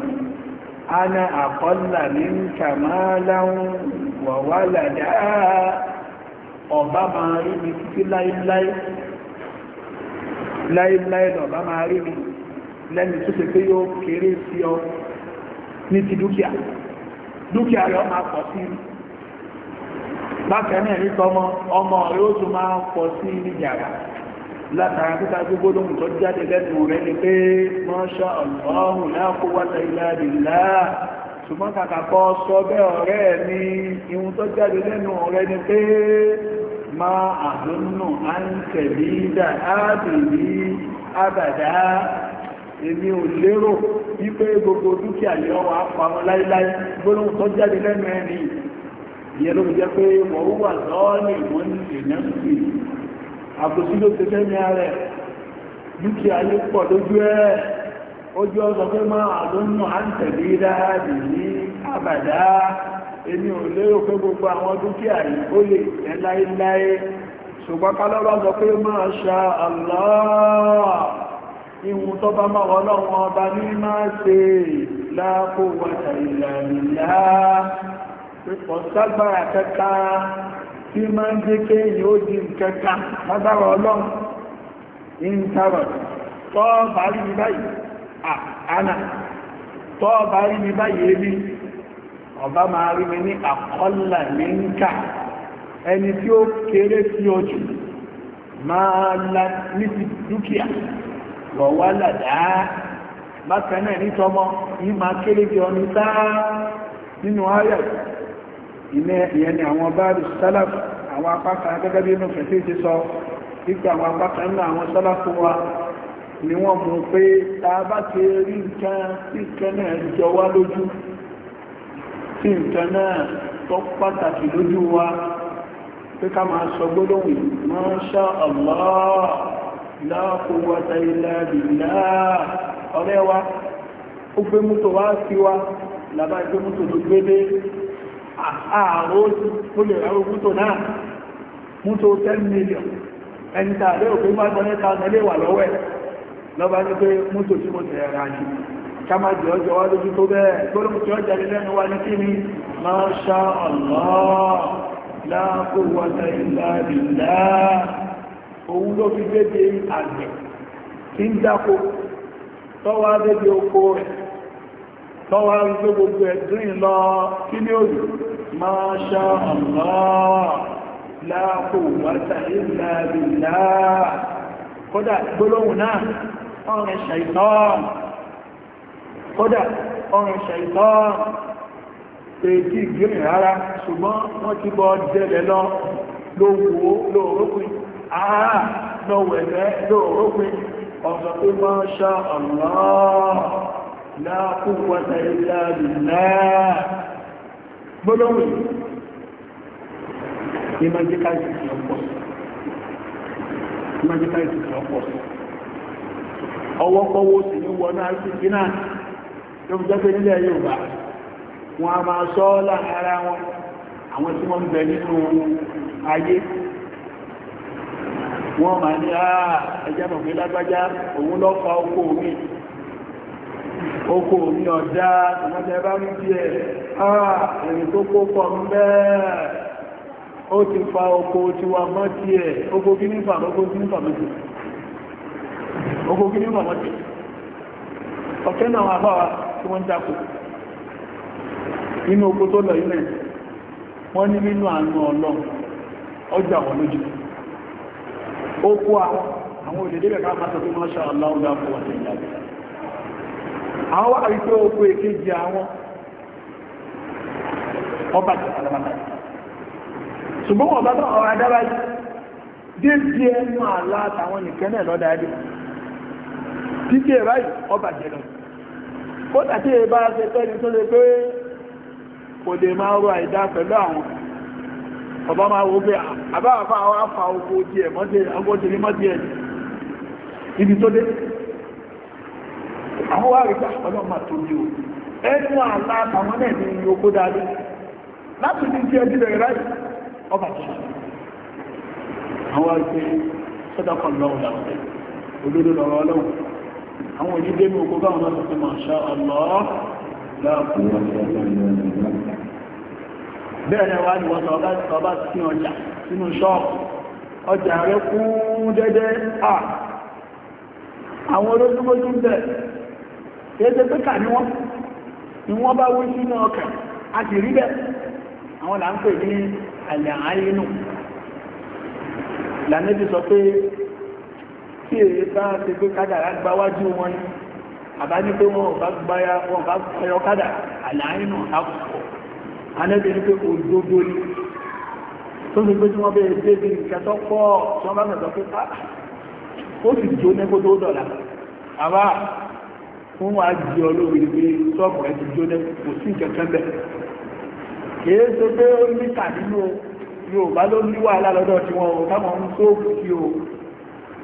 ní títí láíláí láíláí lọ̀bá máa rí mi lẹ́ni tó ṣe pé yóò kéré sí ọ ní ti dúkìá dúkìá rẹ̀ máa pọ̀ sí bákan náà ní tọmọ ọmọ rẹ̀ ó tún máa pọ̀ sí ní yàrá látara títa gbogbo lóhun tó jáde lẹ́nu rẹ̀ ni pé mọ́ṣọ́ ọ̀lọ́hùn láàkó wáta ìlàdì láà ṣùgbọ́n kàkà kọ́ sọ bẹ́ ọ̀rẹ́ mi ìhun tó jáde lẹ́nu rẹ̀ ni pé Ma أظن أن تبيد آبدي أبدا èmi ò lérò gbogbo dúkìá lè ọwọ́ àpamọ́ láíláí gbólóhùn tó jáde lẹ́nu ẹni ló jẹ́ pé wọ́n wà lọ́ọ̀lì wọ́n ní sí àbòsí ló ti ní ààrẹ dúkìá lè pọ̀ lójú ojú èmi ò lérò pé gbogbo àwọn dúkìá yìí ó lè tẹ́ láéláé ṣùgbọ́n kálọ́rọ̀ sọ pé máa ṣá Allah ìwù tó bá máa wọ́n lọ́wọ́ ọba ní máa ṣe láàkó wàtà ìlànìyà ọ̀ságbára kẹta tí máa ń jẹ́ kéyìn ó di kẹta lágbára ọlọ́run in rí mi báyìí àánà ọba máa rí mi ní àkọ́là mi ń ká ẹni tí ó kéré jù máa la ní ti dúkìá wọ̀ wá làdáá náà ní tọmọ máa kéré bí ọni sáá nínú ayà ìyẹn ni àwọn báàrù sálàfù àwọn apákan gẹ́gẹ́ bí inú fẹ̀sí ti sọ wípé àwọn àwọn sálàfù wa ni wọ́n mú sí nǹkan náà tó pàtàkì lójú wa pé ká máa sọ gbólóhùn Masha Allah la quwwata illa billah ọ̀rẹ́ wa ó gbé mútò wá sí wa làbá ìgbé mútò tó gbé dé àárò ó lè rárò mútò náà mútò 10 million ẹni tààrẹ كما جواز جواز الجتوبة كل متوجه لله هو ما شاء الله لا قوة إلا بالله قولوا في جديد أنه تندقوا طوال بيوكوه طوال بيوكوه يدري الله كم ما شاء الله لا قوة إلا بالله قد أقولونا أنا الشيطان kódà ọrùn ṣẹ̀tọ́n èdè ìgbìmì rárá ṣùgbọ́n wọ́n ti bọ́ jẹ́lẹ̀ lọ lówó lóòrópin àárá lọ́wẹ̀lẹ́ lóòrópin ọ̀sọ̀ pé máa ṣá ọ̀nà láàkúwọ́ta ilẹ̀ àdìlẹ́ gbọ́lọ́wìn ìmọ̀jíká ìsìnkú ọpọ̀ ọwọ́pọ̀wọ́ sí ní wọ́n náà tó jẹ́ pé nílẹ̀ Yorùbá wọn a máa sọ láàrin wọn àwọn tí wọ́n ń bẹ nínú ayé wọ́n ma ní àà lágbájá òun lọ oko omi oko omi ọ̀dá ìmọ́jẹ́ bá ń bí ẹ̀ tó kó pọ̀ oko oko kí ní fàmọ́ oko kí ní fàmọ́ oko kí ní tí wọ́n jákò nínú oko tó lọ ilẹ̀ wọ́n ní nínú àánú ọlọ́run ọjà wọn lójú oko àwọn òdèdébẹ̀ ká máa máa ṣàlá ọlá fún wọn tẹ̀lá àwọn wà rí pé oko àwọn ọba jẹ́ alamata ọ̀rọ̀ adára ọba kódà tí èbá ṣe pẹ́ni tó lè pé kò dè máa rọ àìdá pẹ̀lú àwọn ọba máa wo pé àbáwàfà àwọn afa oko di ẹ̀ mọ́dé agbóde mọ́dé ẹ̀ níbi tó dé àwọn wà rí ah, tó o ẹnu náà ní oko dáadé láti ní àwọn onídẹ́mù ogun báwọn náà fi máa ṣá ọlọ́ bẹ́ẹ̀rẹ̀ wá ní wọ́n ọba sí ọjà sínú ṣọ́ọ̀pù ọjà rẹ̀ kún dẹ́dẹ́ à àwọn olójúgbójú bẹ̀ kéèkéé pẹ́kà ní wọ́n ni wọ́n bá ọkà a sì rí bẹ́ àwọn là ní àlẹ́ àáyínú lànẹ́bí sọ pé tí èyí bá ti pé kádàrá gba wájú wọn ni àbá ní pé wọn bá gbáyà wọn bá gbáyọ kádàrá àlàáyínú àpò anẹ́bí ní pé òdodo ni tó ní pé tí wọ́n bẹ̀rẹ̀ débi nǹkan tó pọ̀ tí wọ́n bá mẹ́sàn pé ká ah, ó sì jó ní kó tó dọ̀là àbá fún wa jí olóògbé pé sọ́ọ̀bù rẹ̀ ti jó ní kò sí nǹkan bẹ̀ kìí ṣe pé ó ní tàbí ní o yóò bá ló ní wàhálà lọ́dọ̀ tí wọ́n ò táwọn ń sóògùn sí o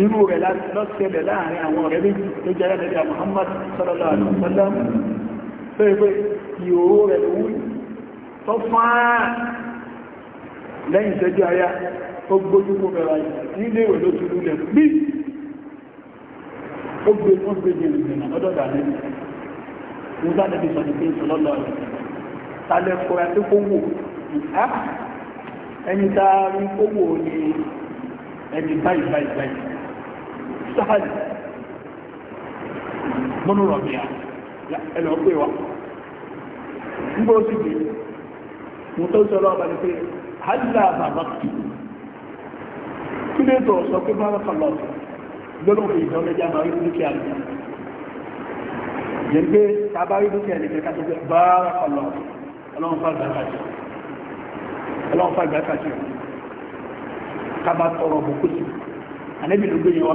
irú rẹ̀ lọ́sẹ̀lẹ̀ láàrin àwọn ọ̀rẹ́ méjì tó jẹ́ lẹ́lẹ́lẹ́ Muhammad sallallahu alaihi wasallam tó ẹgbẹ́ ìhòòrò rẹ̀ lówú tó fáà lẹ́yìn tẹ́jú aya tó gbójú mú bẹ̀rẹ̀ nílé ìwẹ̀ ló ti lulẹ̀ bí ó gbé fún gbé jẹ́ ìrìnà lọ́dọ̀ dàlẹ́ nígbà tẹ́bí sọ ní pé sọlọ́lọ́ rẹ̀ sáàlì mọ́nú rọ̀bíà ẹ̀lọ́ pé wa nígbà ó sì dé mo tó sọ lọ́wọ́ balẹ̀ pé hálà bàbá kì kí lè tọ̀ sọ pé bára kà lọ́sọ̀ lọ́nà òfin ìjọ mẹ́já máa rí dúkìá lọ yẹn pé tàbá rí dúkìá lè kẹ́kà tó pé bára kà lọ́sọ̀ ọlọ́run fàgbà kàjọ ọlọ́run fàgbà kàjọ kábà tọrọ bùkúsù ànẹ́bì ló gbé yẹn wá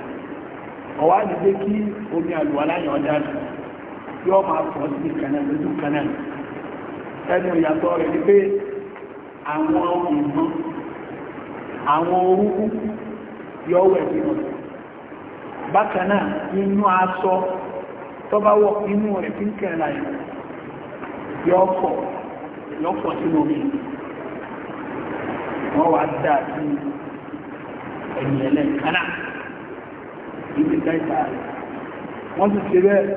ọwọ́ àdìdé kí omi àlùwàlá yàn ọjà jù yóò máa pọ̀ sí kanáà lójú kanáà ẹnu ìyàtọ̀ rẹ̀ ni pé àwọn ìmọ̀ àwọn orúkú yóò wẹ̀ sí wọn bákan náà inú aṣọ tó bá wọ inú rẹ̀ fi ń kẹrìnlá yìí pọ̀ pọ̀ sínú omi wọn wá dáa sí ẹ̀yìn ibi káìsà rẹ̀ wọ́n ti ṣe bẹ́ẹ̀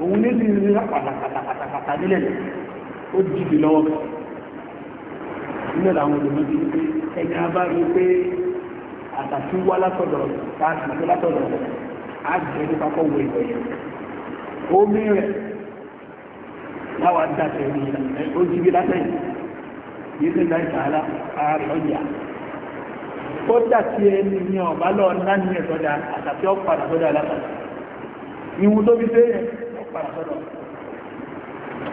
òun ní ti rí pàtàkàtàkàtà nílẹ̀ ó jìbì lọ́wọ́ nílẹ̀ àwọn olùmọ̀ ti pé ẹni a bá rí pé àtàtú wá a káàkiri tó látọ̀dọ̀ á jẹ́ ní pápọ̀ wọ ìwẹ̀ omi rẹ̀ láwa dàtẹ̀ ní ó jìbì látẹ̀yìn yìí ti ń dá ìtàlá ààrẹ ọjà kódà tí ẹni ní ọ̀bá lọ láni ẹ̀sọ́dà àtàkì ọ̀padà sọ́dà látàkì ìwọ̀n tó bí sẹ́yẹ̀ ọ̀padà sọ́dọ̀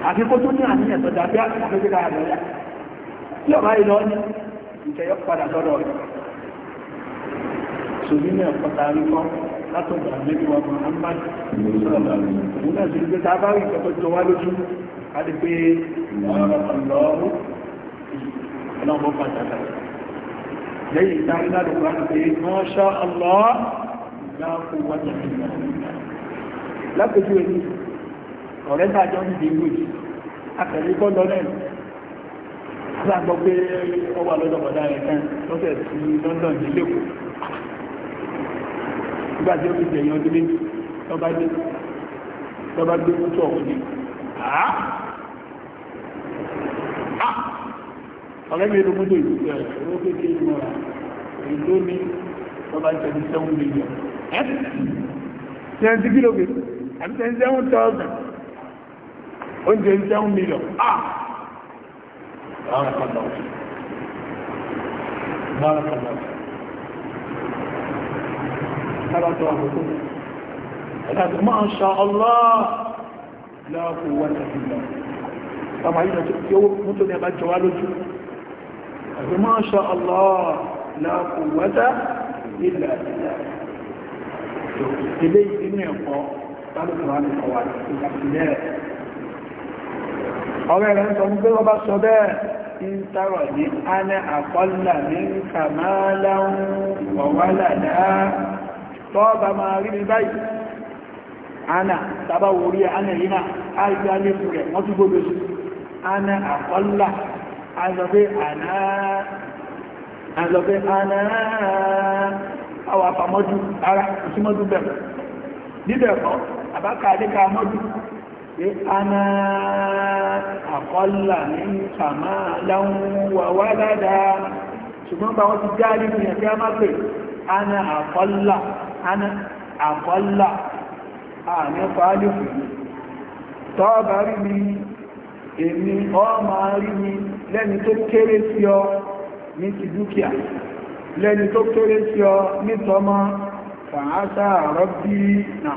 àti kó tó ní àní ẹ̀sọ́dà bí àkókò àgbẹ̀yà tí ọ̀bá ìlọ ní ìtẹ̀yọ́ padà sọ́dọ̀ rẹ̀ sòmínà ọ̀pọ̀ta rúkọ látọ̀gbà mẹ́wàá Muhammad sọ́dọ̀ òun náà sì ń gbé tá a bá rí ìkẹ́kọ̀ọ́ jọ wá lójú a ti pé ọ̀rọ̀ ọ̀lọ́rú ọlọ́run pàtàkì lẹ́yìn ìdániládùn láti pé mọ́ṣá Allah láàkó wájà lápẹjú ẹni ọ̀rẹ́ tàjọ́ ní ìgbèjì akẹ̀lẹ́ kọ́ lọ náà alágbọ́ pé ó wà lọ́dọ̀ bọ̀dá rẹ̀ kan lọ́sẹ̀ sí London fi jẹ̀yàn ọdún méjì lọ́ba gbé mú tọ̀ ọ̀hún ọ̀rẹ́ mi ló múlò ìgbẹ́ owó kékeré mọ́ra èyí ló ní ọba ìtẹ̀lẹ̀ sẹ́wọ̀n mílíọ̀n tẹ́ntì kílógè àti tẹ́ntì sẹ́wọ̀n tọ́ọ̀sán oúnjẹ ń sẹ́wọ̀n mílíọ̀n ah Ẹ̀dàtí máa ń ṣa Allah láàkùn wọ́n tàbí lọ. Bàbá yìí lọ tí ó mú tó ní ẹbá jọ wá lójú ma sha Allah la quwwata illa billah ilé ìdínú ẹ̀kọ́ ọ̀rẹ́ rẹ̀ ń sọ ní pé wọ́n bá sọ bẹ́ẹ̀ ń tàrọ̀ ní ánẹ́ àkọ́lá ní kàmáàláhùn wọ̀wálà dáa tọ́ọ̀bà máa rí ní báyìí ánà tàbá wòrí ánà yínà áìsí alẹ́fù rẹ̀ wọ́n tún gbogbo sí ánẹ́ àkọ́lá azọ̀fẹ́ àná azọ̀fẹ́ àná àwọn àpamọ́jú ara ìsúmọ́jú bẹ̀rẹ̀ níbẹ̀ kọ́ àbákà àdíkà mọ́jú pé àná àkọ́là ní kàmá láwọn wà wá dáadáa ṣùgbọ́n bá wọ́n ti já nínú ẹ̀ tí a máa èmi ọ máa rí mi lẹ́ni tó kéré sí ọ ní ti dúkìá lẹ́ni tó kéré sí ọ ní tọmọ fàáṣà àrọ́ bí nà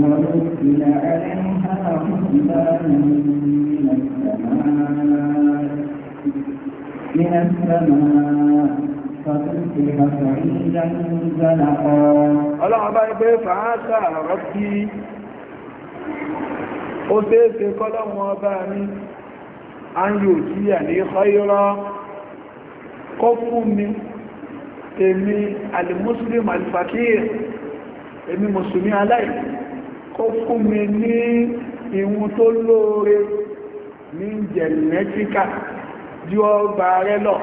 ورسل عليها حسبانا من السماء من السماء Ọlọ́run bá gbé fàáṣà rọ́kí, ó ṣeéṣe kọ́lọ́run ọba mi, a ń yóò jí à ní ọ̀yọ́rọ́, kó fún mi, èmi alìmúsùlùm alìfàkíyè, èmi mùsùlùmí aláì, kó fún mi ní ìwọ̀n tó lóore ní jẹ̀lẹ̀tíkà jú ọgbà rẹ lọ́ọ̀.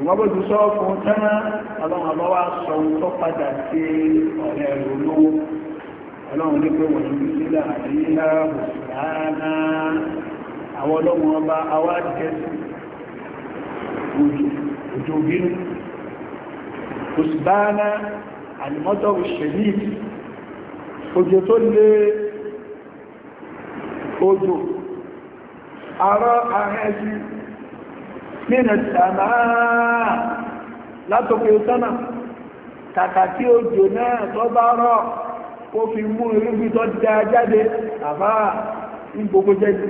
ṣùgbọ́n bó ti sọ fún tẹ́nà ọlọ́run ọba wa sọ ohun tó padà sí ọ̀rẹ́ rẹ̀ olówó ọlọ́run ní pé wọ́n ti sí làríyá òṣìláàná àwọn ọlọ́run ọba awá jẹ́sì òjò òjò nínú sàmà látòkè sọ́nà kàkà tí òjò náà tó bá rọ̀ kó fi mú irúgbìn tó dá jáde àbá ń gbogbo jẹ́jì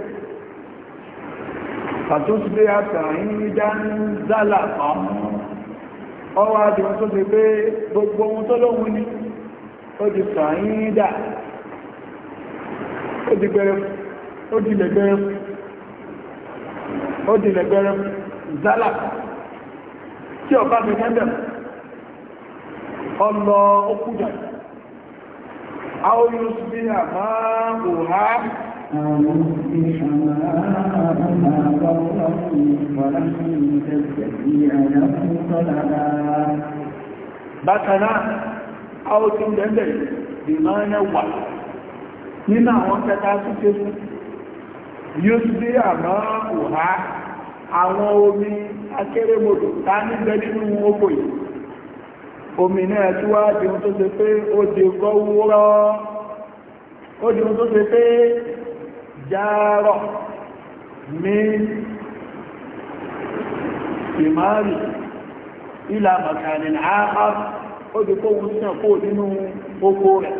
pàtóṣìlé àtàrin ìdánzálà ọwọ́ adìwọ̀n tó ti pé gbogbo ohun tó lóhun ní ó di sàáyín dà ó di lẹ̀gbẹ̀rẹ̀ zala tí ọba mi nẹ́bẹ̀ ọlọ okúdà àwọn yóò Bákanáà, a ó ti dẹ̀ndẹ̀ bí máa ń wà nínú àwọn kẹta tó ké fún, yóò sí àmá òhá àwọn omi akérèmọdò tá níbẹ̀ nínú oko yìí omi náà tí wá di ohun tó ṣe pé ó di gọ́wúrọ́ ó di ohun tó ṣe pé járọ̀ ní ìmárì ìlà mọ̀kànlẹ̀ àáhá ó di kóhun sàn kó nínú oko rẹ̀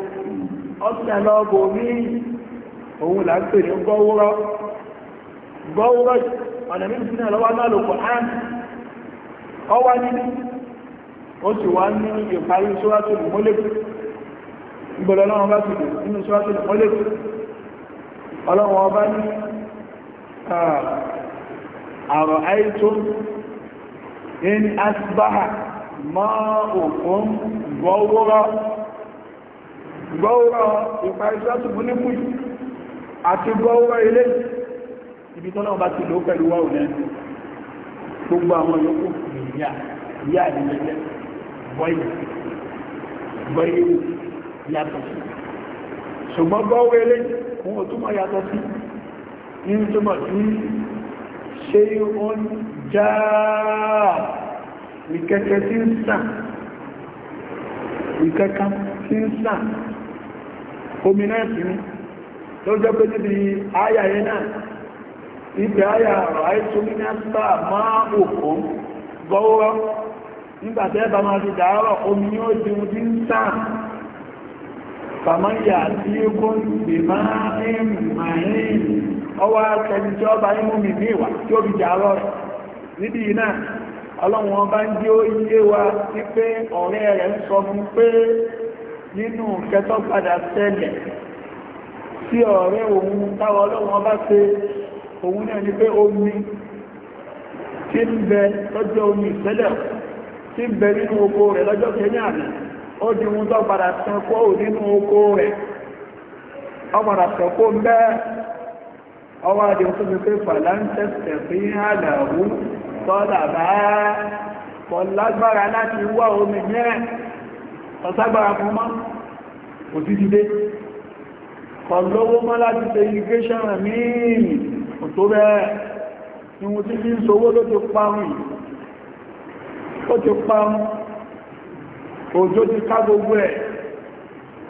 ọ̀sẹ̀ lọ́gbọ̀ ní òun là pè ní gọ́wúrọ́ gọ́ọ̀rọ̀ ọ̀nà mímú lọ́wọ́ náà lòpọ̀ ọwá níbi ó sì wá ní ìparí sóràtò ìmọ́lẹ̀kù ìgbọ̀lọ̀ ọlọ́run bá ti nínú sóràtò ìmọ́lẹ̀kù ọlọ́run ọba ní àrọ̀ àìtó in asbaha mọ́ òkun gọ́ọ̀rọ̀ ìparí sóràtò ìmọ́lẹ̀kù àti gọ́ọ̀rọ̀ ilé ibi tó náà bá ti lò pẹ̀lú wà òun ẹni gbogbo àwọn yòókù ìyá ìyá ìyẹ̀yẹ bọ́yì bọ́yì yàtọ̀ sí ṣùgbọ́n bọ́wọ́ eré fún òtúmọ̀ yàtọ̀ sí ní túnmọ̀ sí ṣe oún jáà ìkẹ́kẹ́ sí ń sàn ìkẹ́kẹ́ sí ń sàn omi náà sí ní ló pé níbi ayàyẹ náà ibẹ̀ ayà ọ̀rọ̀ àìtò mínísítà máa òkú gọ́wọ́ nígbàtẹ́ bá máa ti dàárọ̀ omi ní ojú ń tàn fàmáyà tí ó gún máa ń màáyìn ọwá tẹni tí ó bá ń mú mi ní tí ó fi níbi iná ń ó yé wa òun náà ni pé omi tí ń bẹ lọ́jọ́ omi ìṣẹ́lẹ̀ tí ń bẹ nínú oko rẹ̀ lọ́jọ́ kẹyìn àná ó di ohun tó padà sẹ́kọ́ nínú oko rẹ̀ ó padà sẹ́kọ́ ń bẹ́ ọwọ́ adé tó fi pé fàlántẹ́sẹ̀ fi ń hàlàrú tọ́lá mọ́ láti ṣe irrigation mìíràn kò tó bẹ́ẹ̀ ìwọ̀n tí bí ń sọ owó ló ti parun yìí ó ti ka òjò ti gbogbo ẹ̀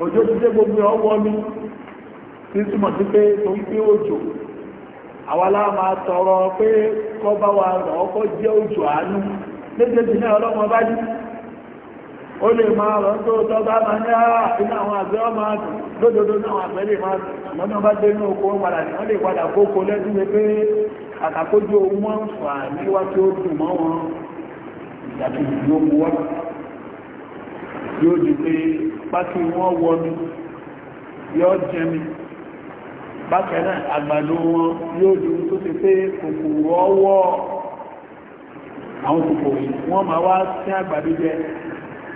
òjò ti dé gbogbo ọwọ́ ní tí túnmọ̀ sí pé tó ń pé òjò àwọlá máa tọrọ pé kọ́ bá wa rọ̀ ọkọ́ jẹ́ òjò àánú ó lè máa rọ̀ tó tọ́ bá máa ní àà ah, iná àwọn àgbẹ̀ ọmọ àdùn lódodo náà àgbẹ̀ lè máa mọ́ náà bá dé inú oko wọn padà ní wọ́n lè padà kókó lẹ́sùn pé pé àtàkójú ohun wọn fà níwá tí ó dùn mọ́ wọn ìyàtọ̀ ìlú omi wọn yóò di pé pákí wọn wọ mi yóò jẹ mi bákan náà àgbàdo wọn yóò di tó ti pé kòkòrò ọwọ́ àwọn kòkòrò wọn máa wá sí àgbàdo jẹ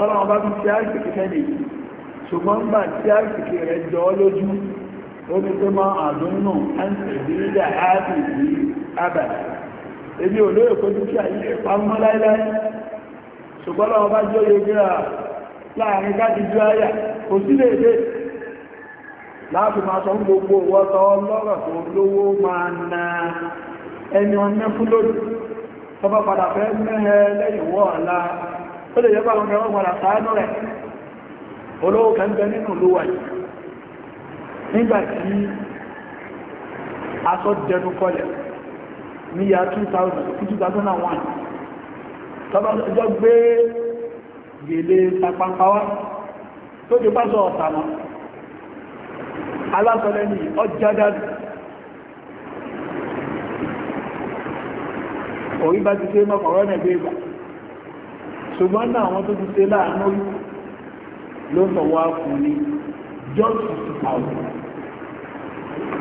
ọlọ́run bá fi ṣe àìsìkì fẹ́lẹ̀ ṣùgbọ́n gbà tí àìsìkì rẹ̀ jọ ọ́ lójú ó ní pé máa àdúnnù ẹ̀ǹtẹ̀dínlẹ̀ ààbì yìí àbàdà èmi ò lóyè pé dúkìá yìí rẹ̀ pamọ́ láíláí ṣùgbọ́n ọlọ́run jọ láàrin ju àyà kò sí lè dé máa sọ gbogbo na ẹni ọ̀nẹ́fún lórí padà fẹ́ mẹ́hẹ ó lè yẹ́pá àwọn ọmọ ọmọ àtàánú rẹ̀ olówó kan jẹ nínú ló wà yìí nígbàtí aṣọ dẹnu kọlẹ̀ ní ya 2000 2001 tọ́bọ̀jọ́ gbé gèlè sàpàpàwá tó ti pásọ ọ̀tàmọ́ alásọlẹ̀ ní ọjádádù orí bá ti ṣe mọ́kànrọ́ nẹ̀gbẹ́ ìgbà ṣùgbọ́n náà àwọn tó ti ṣe láàánú ló sọ wá fún ní just fifty thousand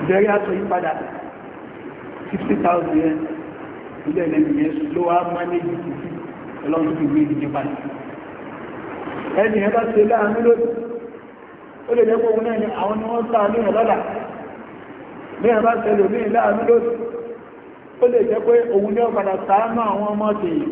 bẹ̀rẹ̀ aṣọ yí padà fifty thousand yẹn ilé ẹ̀lẹ́mì yẹn ló wá mánéjì títí ọlọ́run ti gbé ìdíje padà ẹni ẹ bá ṣe láàánú lónìí ó lè lẹ́pọ̀ òun náà ni àwọn ni wọ́n sáà lóyìn lọ́la ní ẹ bá ṣẹlẹ̀ òmíì láàánú lónìí ó lè jẹ́ pé òun ní ọ̀padà sáà máa àwọn ọmọ tèèyàn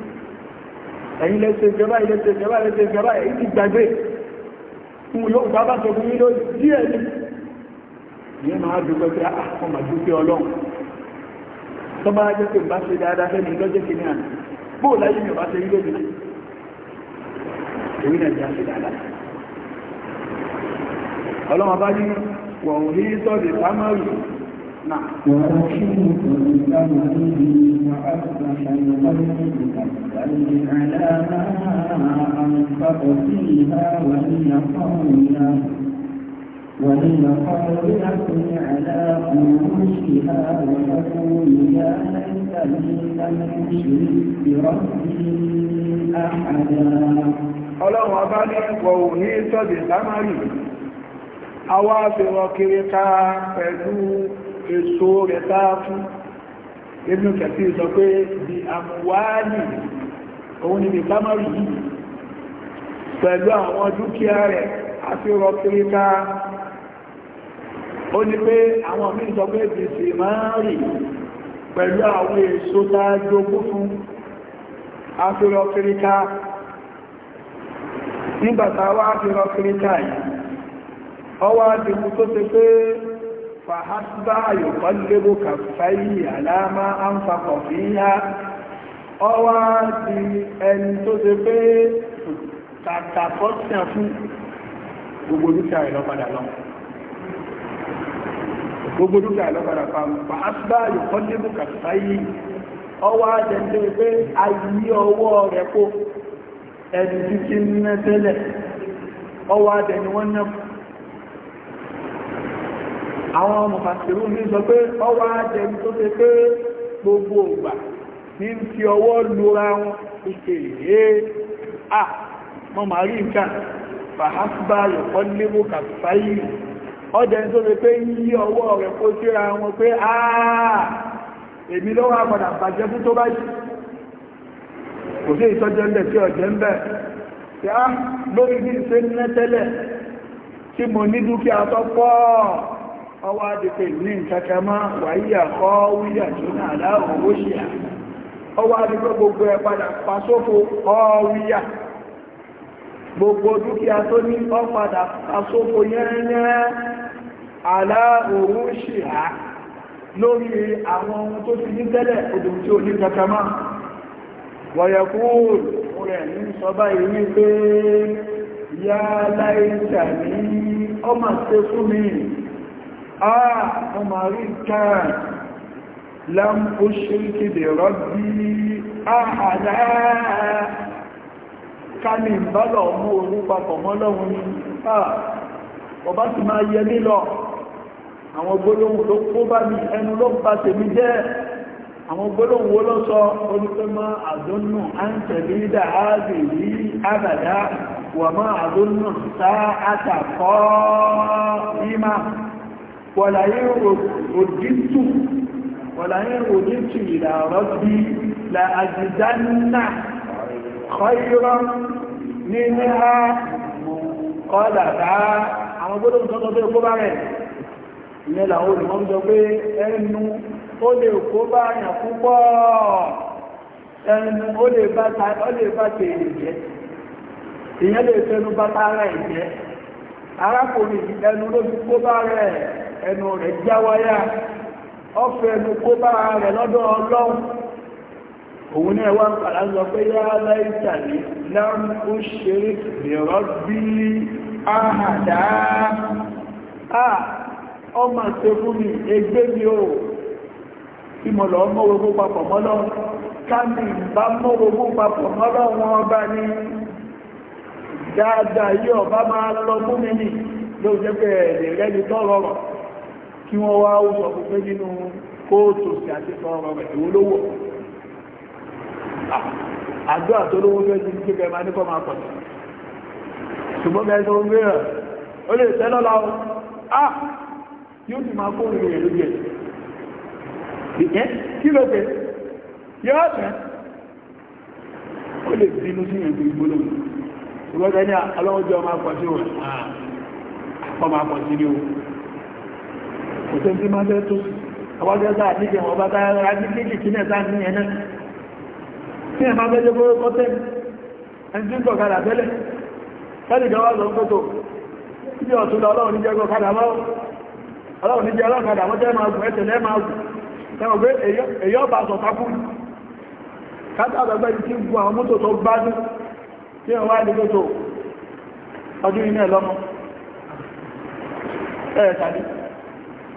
ẹ̀yin lẹ́sẹ̀ ìjọba ìlẹ́sẹ̀ ìjọba ìlẹ́sẹ̀ ìjọba èyí ti gbàgbé fún yóò bá bá sọ fún yí ló díẹ̀ ní ìyẹn máa dúpẹ́ pé àwọn ah, màjú pé ọlọ́run tó bá jẹ́ pé bá ṣe dáadáa fẹ́ni lọ́jọ́ kìíní àná bóò ní wọ̀n ورحمة بأمره وأصبح يغلق كالثلج على ما أنفق فيها وهي قوية وهي قوية على عروشها ويقول يا ليتني لم أشرك بربي أحدا ọlọ́run ọba ní ẹ̀kọ́ ò ní sọ́dẹ̀ sámárì àwọn afẹ́wọ̀ kiri ká pẹ̀lú èso rẹ̀ táa fún inú kẹfí sọ pé bí àmúwáàlì òun ni bí kámọ́rì yìí pẹ̀lú àwọn dúkìá rẹ̀ àti rọ̀kìríká ó ní pé àwọn mí sọ pé bí sì máa rì pẹ̀lú àwọn èso táa jogún fún àti rọ̀kìríká nígbàtà wá àti rọ̀kìríká yìí ọwọ́ àdìkú tó ti pé fàhásbà yòkọ́lébò kàfáyì àlámá àǹfàkọ̀ fi ń yá ọwá ti ẹni tó ṣe pé kàkà fọ́síà fún gbogbo dúkìá ìlọ́padà lọ gbogbo dúkìá ìlọ́padà pàmù fàhásbà yòkọ́lébò kàfáyì ọwá jẹ́ pé ayé ọwọ́ rẹ̀ kó ẹni títí ń ná ọwá jẹ́ ni wọ́n náà àwọn mọ̀fàṣírù ní sọ pé ọwọ́ ajẹ́ni tó ṣe pé gbogbo ògbà ní ń fi ọwọ́ lura wọn ìṣe ìhé à mọ́ máa rí nǹkan fàhásbà yọ̀kọ́ lébò kàfáyì ọjẹ́ni tó ṣe pé ń yí ọwọ́ rẹ̀ kó síra wọn pé àà èmi lọ́wọ́ àpàdà bàjẹ́ fún tó báyìí tí a lórí bí ìṣe ń nẹ́tẹ́lẹ̀ tí mo ní dúkìá tó ọwá dìpé ní ìtàkàmá wàíyà kọ́ wíyà tó náà láàrùn òṣìyà ọwá gbogbo ẹ padà pàṣófò kọ́ gbogbo dúkìá tó ní ọ padà pàṣófò yẹ́rẹ́yẹ́ aláàrùn òṣìyà lórí àwọn ohun tó ti ní tẹ́lẹ̀ ọmọ tẹ́ fún mi àà ah, ọmọ rí nǹkan lam ó ṣe kéde rọ́bí àhàdá kálì ìbálọ̀ mú orú papọ̀ mọ́lọ́run ni ah, ọba ti máa yẹ nílọ àwọn gbólóhùn ló kó bá mi ẹnu ló bá tèmi jẹ́ àwọn gbólóhùn wo ló sọ onípẹ́mọ́ àdónù àǹtẹ̀lídà áàbì rí àbàdá wà máa àdónù sáà àtàkọ́ ìmáà wọ̀láyé òdìtù wọ̀láyé òdìtù ìlàrọ̀ bí la àjìdánà kọ́yírọ́ ní ní ha kọ́lá bá àwọn gbọ́dọ̀ tọ́tọ́ tó kó bá rẹ̀ ilẹ̀ làwọn olùmọ́ ń sọ pé ẹnu ó lè kó bá yàn púpọ̀ ẹnu ó lè bá tèèrè jẹ́ ìyẹn lè fẹ́nu bá tààrà ìjẹ́ arákùnrin ẹnu ló fi kó bá rẹ̀ ẹnu rẹ̀ jáwáyà ọ̀fẹ́ ẹnu kó bá rẹ̀ lọ́dọ̀ ọlọ́run òun náà wá ń sọ pé yá láìtàlẹ̀ náà ó ṣe mìíràn bí àhàdá ọ ọmọ ṣe fún mi ẹgbẹ́ mi ò tí mo lọ mọ́wọ́ gbogbo papọ̀ mọ́lọ́ kámi bá mọ́wọ́ papọ̀ mọ́lọ́ wọn bá ní dáadáa yóò bá máa kí wọ́n wá ó sọ fún pé nínú kóòtù sí àti sọ́rọ̀ rẹ̀ ìwó ah, lówó àjọ àtolówó fẹ́ ti kí bẹ̀rẹ̀ máa nípa máa pọ̀tù ṣùgbọ́n bẹ̀rẹ̀ tó ń gbé rẹ̀ ó lè tẹ́ lọ́la ó á ah, yóò ti máa kó ìrìn ìlú jẹ ìkẹ́ kí ló pé yóò tẹ́ ó lè bínú sí ìrìn ìgbólóhùn ṣùgbọ́n bẹ̀rẹ̀ ní alọ́wọ́jọ́ máa pọ̀tù rẹ̀ kò tó bí máa fẹ́ tó àwọ́jọ́ sáà níbi àwọn ọba táyà rárá ní náà sáà níyẹn náà tí ẹ̀ máa fẹ́ jẹ́ kọ́tẹ́ ẹni tí ń tọ̀ kadà tẹ́lẹ̀ sẹ́lì kan lọ ọ̀tún lọ ọlọ́run níjẹ́ mọ́ ọlọ́run níjẹ́ mọ́ máa gùn ẹ̀tẹ̀ lẹ́ máa gùn pé èyí ọba sọ takú kátà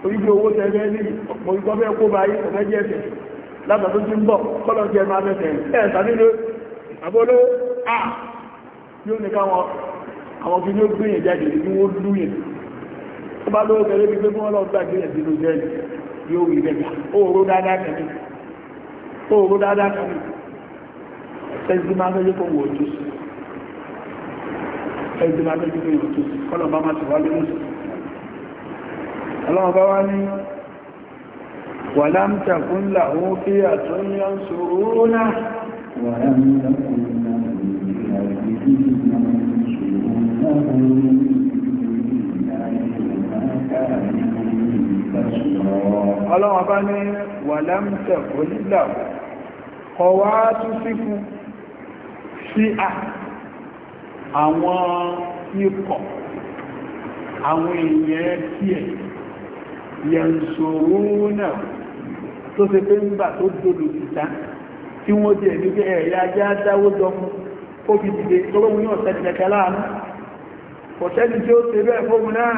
orílẹ̀ owó tẹ́lẹ̀ ní ọ̀pọ̀ ìgbọ́fẹ́ kó bá yí ọ̀fẹ́ jẹ́ ẹ̀fẹ́ látà tó ti ń bọ̀ kọ́lọ̀ jẹ́ máa mẹ́fẹ́ ẹ̀ẹ̀ta nílò àbóló à yóò ní káwọn àwọn kí ní ó gbìyàn jáde ní wọ́n lúyìn tó bá lówó tẹ́lẹ̀ bí pé wọ́n lọ gbà gbìyàn sínú jẹ́ẹ̀lì yóò wí bẹ́ẹ̀ oòró dáadáa kẹ́mi oòró dáadáa kẹ́mi ẹ̀sì máa fẹ́ yóò kó wò ó tó sí ẹ̀sì máa fẹ́ yóò kó wò ó tó ọlọ́wọ́ bá wá ní wà lámtàkún làwọn kí àtúnyà ń sòrò náà wà lámtàkún ọlọ́wọ́ bá ní wà lámtàkún làwọn kọwá tún síkún sí àwọn ikọ̀ àwọn èèyàn tí ẹ̀ yẹnsòrónà tó ṣe pé ń bà tó dòdò ìta tí wọ́n jẹ́ ní pé ẹ̀yà ajá dáwó jọmú ó fi dìde tọ́lọ́mù ní ọ̀sẹ̀ ìjẹ̀kẹ́ láàánú ọ̀sẹ́ni tí ó ṣe bẹ́ẹ̀ fóun náà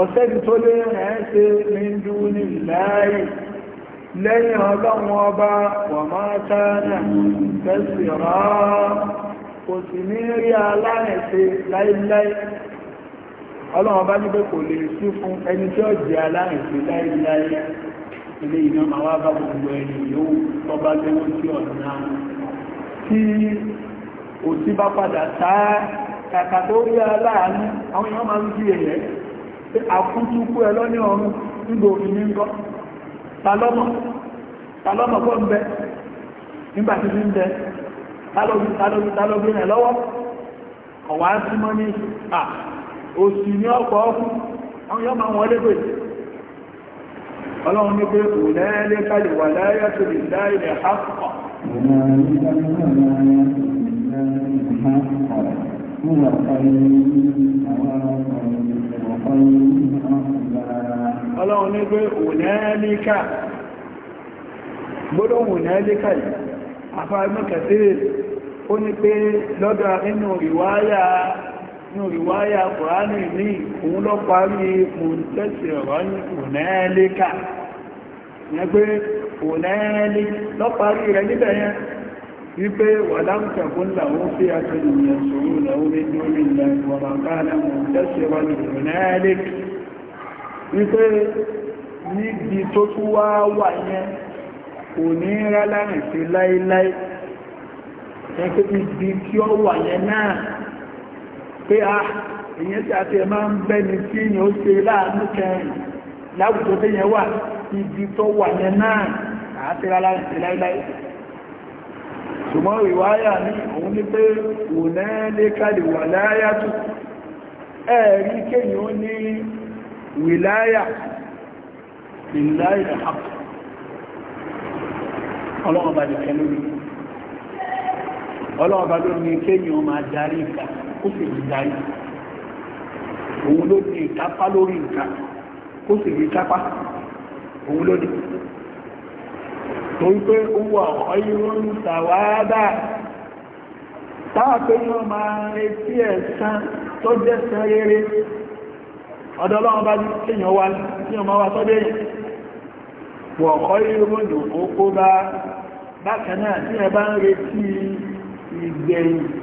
ọ̀sẹ́ni tó lé ẹ̀ ṣe níjú ní ìláyé lẹ́yìn ọlọ́run ọba wà máa tánà fẹ́sì rọ́ ọlọ́run bá ní kò lè sí fún ẹni tí ó jẹ́ aláìsí láìláyé ilé ìná ma wá bá gbogbo ẹni yóò tọ́ba lẹ́wọ́ sí ọ̀nà tí òsí bá padà táá kàkà tó rí aláàánú àwọn èèyàn máa ń jí ẹ̀yẹ́ pé ń òsì ní ọkọ̀ ọkùn àwọn yọ́ máa wọlé pè ọlọ́run ní pé òlẹ́ẹ̀lẹ́ kalẹ̀ wà láyé tó lè láìrẹ̀ hapọ̀ ọlọ́run ní pé ó ní pé lọ́dọ̀ inú ìwáyà ní ìwáyà kùránì ní òun lọ parí mọ̀tẹ́sì ọ̀rọ̀ ní ònẹ́ẹ́lẹ́kà yẹn pé ònẹ́ẹ́lẹ́ lọ parí rẹ̀ níbẹ̀ yẹn wípé wà láǹtẹ̀kún làwọn fi àtẹ̀lẹ̀ yẹn sọ̀rọ̀ làwọn ní lórí ilẹ̀ ìwọ̀nàká náà mọ̀tẹ́sì ọ̀rọ̀ ní ònẹ́ẹ́lẹ́kà wípé pé a ah, èyàn tí a ti ẹ̀má ń bẹ́ni tí èyàn ó ṣe láàánú kẹrin láwùjọ tó yẹn wà ibi tó wà yẹn náà àti rárá ìṣẹ́ ṣùgbọ́n ìwáyà ní òun ní pé wùlẹ́lẹ́kàlì wà láyá tó ẹ̀rí kéyìn ó ní wìláyà ìláyà ní kéyìn ó máa darí kó sì rí darí òun ló ní ìkápá lórí nǹkan kó sì rí kápá òun ló ní torí pé owó ọ̀yọ́ ń tàwádà táàpé wọn máa retí tó jẹ́ rere ọ̀dọ̀ ọlọ́run bá ní wá ní ọmọ wa wọ̀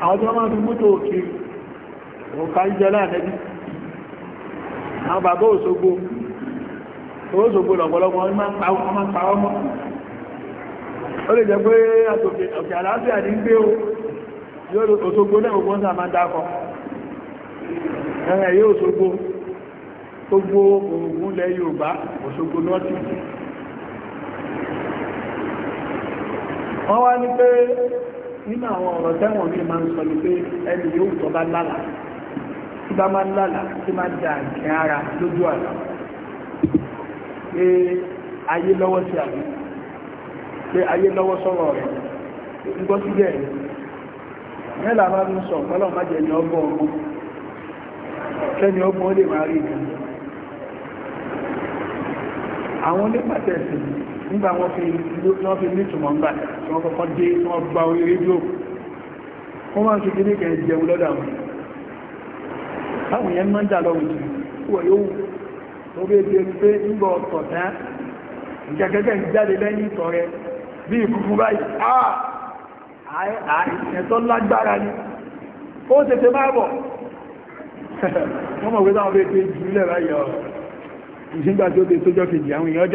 àwọn tó máa fi mútò òkè òkà ń jẹ láàrẹ́bí àwọn bàbá òṣogbo òṣogbo lọ̀pọ̀lọpọ̀ ọmọ pa ọmọ ó lè jẹ́ pé òkè àlàáfíà ní gbé o yóò òṣogbo náà gbogbo ń sàmà dákọ ẹ̀rẹ̀ yóò òṣogbo gbogbo òògùn lẹ Yorùbá òṣogbo lọ́tí wọ́n wá ní pé nínú àwọn ọ̀rọ̀ tẹ́wọ̀n mi máa ń sọ ní pé ẹni yóò tọ́ bá lálà tí bá máa lálà tí máa àjẹ́ ara lójú àlá pé ayé lọ́wọ́ sí àbí pé ayé lọ́wọ́ sọ̀rọ̀ rẹ̀ ń gbọ́ sí bẹ́ẹ̀ mẹ́là máa ń sọ ọ̀pọ̀lọ́ má jẹ́ ní ọgbọ́n ọmọ kẹ́ni ọgbọ́n lè máa nígbà wọ́n fi wọ́n fi ní ìtumọ̀ ńgbà tí wọ́n kọ́kọ́ dé tí wọ́n gba orí rédíò wọ́n máa ń ṣe kíní kẹ́ jẹun lọ́dà wọn táwọn yẹn máa ń jà lọ́wọ́ jù wọ́n yóò tó bẹ́ẹ̀ di ẹni pé ń bọ̀ ọ̀tọ̀ tán ìjàgẹ́gẹ́ ń jáde lẹ́yìn ìtọ̀ rẹ bí ìkùkù báyìí ah! àà ẹ̀tọ́ lágbára ni ó tètè máa bọ̀ wọ́n mọ̀ pé táwọn bẹ́ẹ̀ ti jù lẹ́ráyọ̀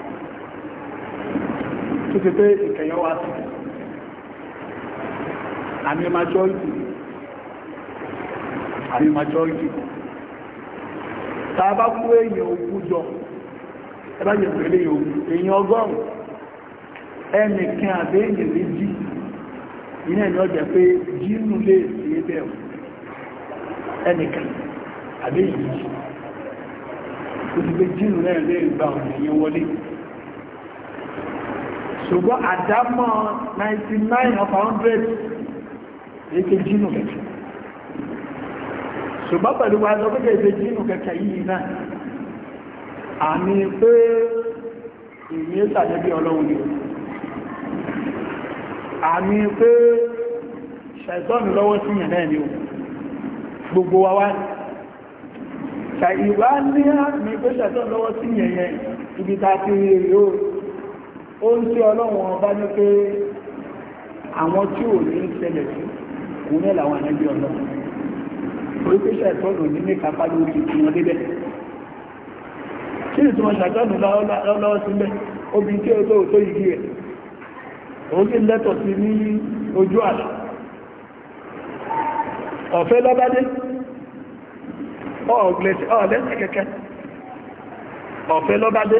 tó ti pé ìkẹyọ wá sí àmì majority àmì majority tàbá kú èyàn ogún jọ ẹbá yẹ pẹ̀lú èyàn ogún èyàn ọgọ́rùn ẹnìkan àbí èyàn méjì iná ẹ̀yàn ọjà pé jínú lè sí ẹbẹ̀ ẹnìkan àbí èyàn méjì ó ti pé jínú náà lè gba ọ̀nà ìyẹn wọlé ṣùgbọ́n àdámọ́ 99 of 100 èké jínú kẹ̀kẹ́ ṣùgbọ́n pẹ̀lú wa lọ pẹ́kẹ́ èké jínú kẹ̀kẹ́ yìí náà àmì pé ìyẹ́ sàjẹ́bí ọlọ́run ni àmì pé ṣàìtọ́nù lọ́wọ́ sí yẹ̀ náà ni o gbogbo wa wá ṣàìwá ní àmì pé ṣàìtọ́nù lọ́wọ́ sí yẹ̀ yẹn ibi ta ti rí rí ó ń tí ọlọ́run ọba ní pé àwọn tí ò ní ṣẹlẹ̀ sí kò ní làwọn ànábì ọlọ́run orí pé ṣàìtọ́nù ní ní kápá lórí ìtumọ̀ débẹ̀ kí ni tí wọ́n ṣàtọ́nù lọ́wọ́ síbẹ̀ obìnrin tí ó tó tó yìí rẹ̀ òun sì lẹ́tọ̀ sí ní ojú àlà ọ̀fẹ́ lọ́bádé ọ̀ọ̀lẹ́sẹ̀ kẹ́kẹ́ ọ̀fẹ́ lọ́bádé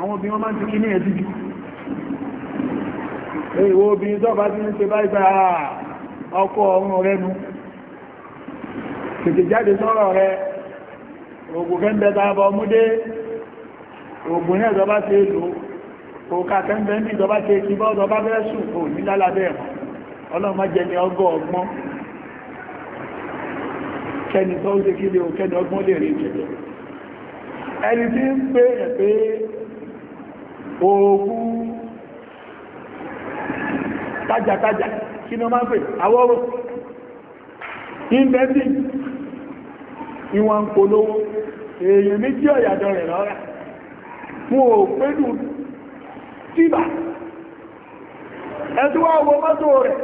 àwọn obìnrin wọ́n máa ti kí ní ẹ̀dí jù èèwò obìnrin tó bá ti ń ṣe báyìí bá ah, ọkọ ọ̀run rẹ nu tètè jáde sọ́rọ̀ rẹ ògùn kẹ́ńbẹ́ tàbà ọmúdé ògùn náà tọba ti lò òkà kẹ́ńbẹ́ ní tọba ti kí bọ́ tọba bẹ́ẹ̀ sùn kò ní lálábẹ́ ẹ̀mọ́ ọlọ́mọ jẹ ní ọgọ́ ọgbọ́n kẹni tó ń ṣe kí lè òkẹni ọgbọ́n lè rí ìjẹ̀jẹ̀ ẹni tí ń pè ẹ̀ pé òògùn tajàtajà kí ni máa ń pè ìwọ̀n èèyàn méjì rẹ̀ lọ́rà fún òpédù tíbà owó mọ́tò rẹ̀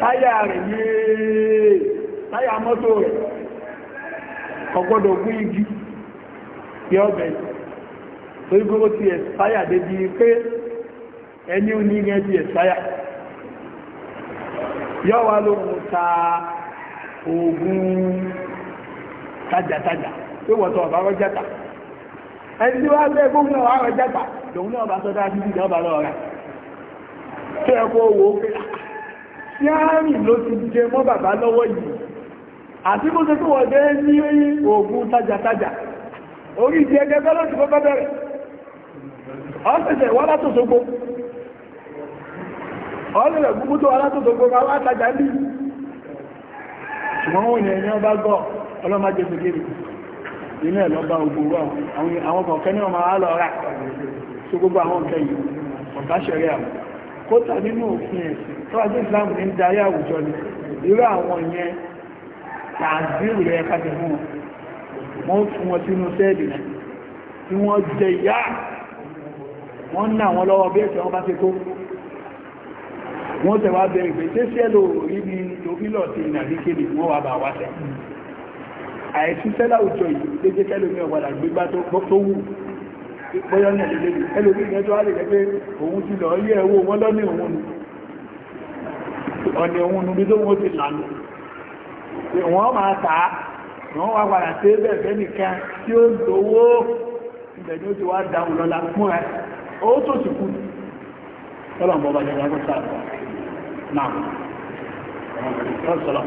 táyà rẹ̀ torí gbogbo ti ẹ̀sáyà débi pé ẹni ò ní ti ẹ̀sáyà yọ́ wa ló mú ta ogun tajàtajà pé wọ́tọ̀ ọ̀bá rọ́jàtà ẹni tí wọ́n lẹ́ gbogbo ọ̀bá ọbara lòun náà bá sọ́dá títí ìjọba lọ́ra tó ẹkọ́ owó tí a rìn ló ti jẹ mọ́ bàbá lọ́wọ́ yìí àti bó ọ́sẹ̀sẹ̀ wọ́n látòsogbo ọ́lẹ̀rẹ̀ gbogbo tó wọ́n látòsogbo ká wá tajà ní ṣùgbọ́n wọ́n yẹn ní ọba gọ́ ọlọ́màjẹ sókèrè inú ẹ̀ lọ́ba ògbòrò àwọn kọ̀ọ̀kẹ́ ní ọmọ àálọ́ rà tó gbogbo àwọn ọ̀kẹ́ yìí ọ̀bá ṣẹ̀rẹ̀ àwọn kóta nínú òfin ẹ̀sìn tó wá sí Islam ní darí àwùjọ ni irú àwọn yẹn tààzírù rẹ̀ kájẹ̀ fún wọn wọ́n fún wọn sínú sẹ́ẹ̀dì tí wọ́n jẹ ìyá wọ́n ń ná wọn lọ́wọ́ bí ẹ̀sẹ̀ wọn bá ṣe tó wọ́n tẹ̀wà bẹ̀rẹ̀ pé tí ṣẹ́ lò rí ní tòfílọ̀ tí ìrìnàrí kéde wọ́n wà bá wá tẹ̀ àìsíṣẹ́ láwùjọ yìí lé jẹ́ kẹ́lò ní ọ̀padà gbígbá tó wù bọ́yọ́ ní ẹ̀lẹ́lẹ́ ẹlòmí ìgbẹ́jọ́ á lè jẹ́ pé òun ti lọ yẹ ẹwọ́ wọn lọ́ní òun nù ọ̀nà òun nù bí tó wọ́n ti lànà wọ́n máa tà á wọ́n wá padà sí ẹgbẹ́ nìkan tí ó lówó ìbẹ̀ ni ó ti wá dáhùn lọ́la fún ẹ̀ ó tó sì kú ọlọ́run bọ́ba jẹ́ ẹgbẹ́ sáà náà ọ̀sọ̀lọ́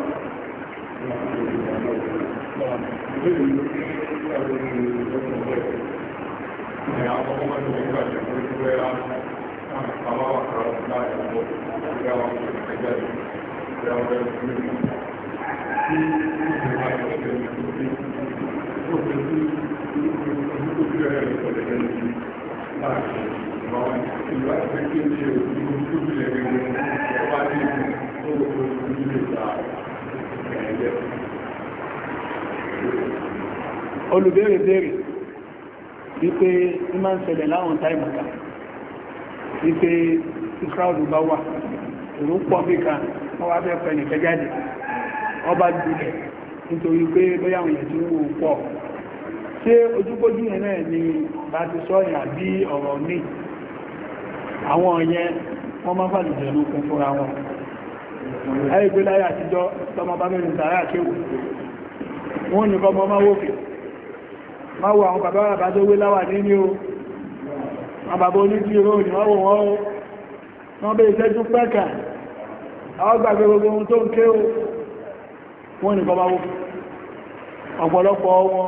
Thank you. olùbéèrè béèrè wípé ní máa ń ṣẹlẹ̀ láwọn táìmù ká wípé tí crowd bá wà ìrú pọ̀ bí kan wọ́n wá ọba jùlẹ̀ nítorí pé ṣe ojúkójú yẹn náà ni bá ti sọ ìyà bí ọ̀rọ̀ ní àwọn ọ̀yẹn wọ́n máa fàlì jẹ̀lú kún fúnra wọn ẹ̀rí pé láyé àtijọ́ tọmọ bá mẹ́rin tààrà kéwù wọ́n ní kọ́ mọ́ máa wókè máa wo àwọn bàbá bàbá tó wé láwà nínú o àwọn bàbá oníjú ìró o wọ́n bẹ́ ìṣẹ́jú pẹ́kà àwọn o wọ́n ọ̀pọ̀lọpọ̀ wọn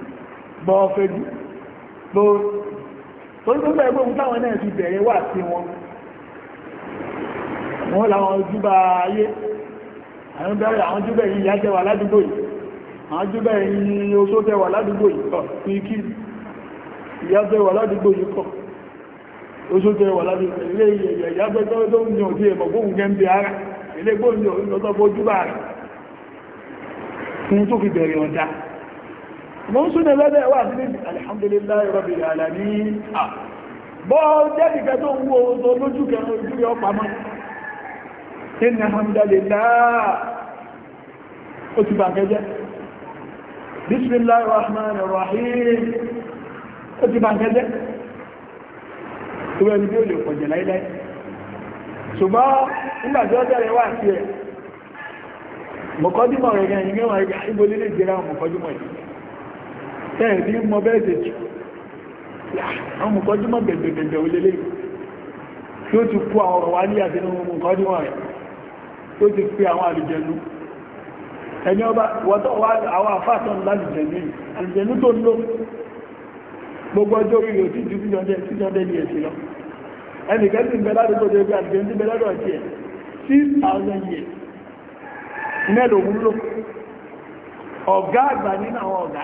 bọ́ fẹ́jú lórí torí tó bẹ̀rẹ̀ gbóhun táwọn náà fi bẹ̀rẹ̀ wà sí wọn wọ́n láwọn ojúbà ayé àwọn bẹ̀rẹ̀ àwọn júbẹ̀ yìí yá jẹwà ládùúgbò yìí àwọn júbẹ̀ yìí oṣó jẹwà ládùúgbò yìí kọ̀ fi kí ìyá jẹwà ládùúgbò yìí kọ̀ oṣó jẹwà ládùúgbò ilé ìyá jẹ́ tó ń yàn sí ẹ̀mọ̀ gbóhun gẹ́ ń bẹ ara ilé gbóhun yàn lọ́tọ́ fojú bá rẹ̀ fún tó fi bẹ̀rẹ̀ ọ̀dá mọ́ súnà lọ́dẹ̀ wà sí níbi alhamdulillahi rabbil alamin bọ́ jẹ́bìkẹ́ tó ń wo oòrùn tó lójú kẹrin ojú rẹ̀ ọpamọ́ inna hamdalillah ó ti bàkẹ́jẹ́ bismillahir rahmanir rahim ó ti bàkẹ́jẹ́ tó wẹ́n bí ó lè pọ̀jẹ̀ sí ẹ̀ mọ̀kọ́dímọ̀ rẹ̀ gẹ̀yìn mẹ́wàá ìgbà ìgbòlélé ẹ̀rí mọ bẹ́ẹ̀dẹ̀ jù àwọn mọ̀kọ́júmọ̀ bẹ̀bẹ̀bẹ̀ olélé tí ó ti kú àwọn ọ̀rọ̀ wá ní àfihàn mọ̀kọ́júmọ̀ rẹ̀ tó ti pé àwọn àlùjẹ̀nú ẹni ọba wọ́tọ̀ wá àwọn àfáàtàn lálùjẹ̀nú àlùjẹ̀nú tó ló gbogbo ọjọ́ orí rẹ̀ tí ju 6,000 years mẹ́lòó wúlò ọ̀gá àgbà nínú àwọn ọ̀gá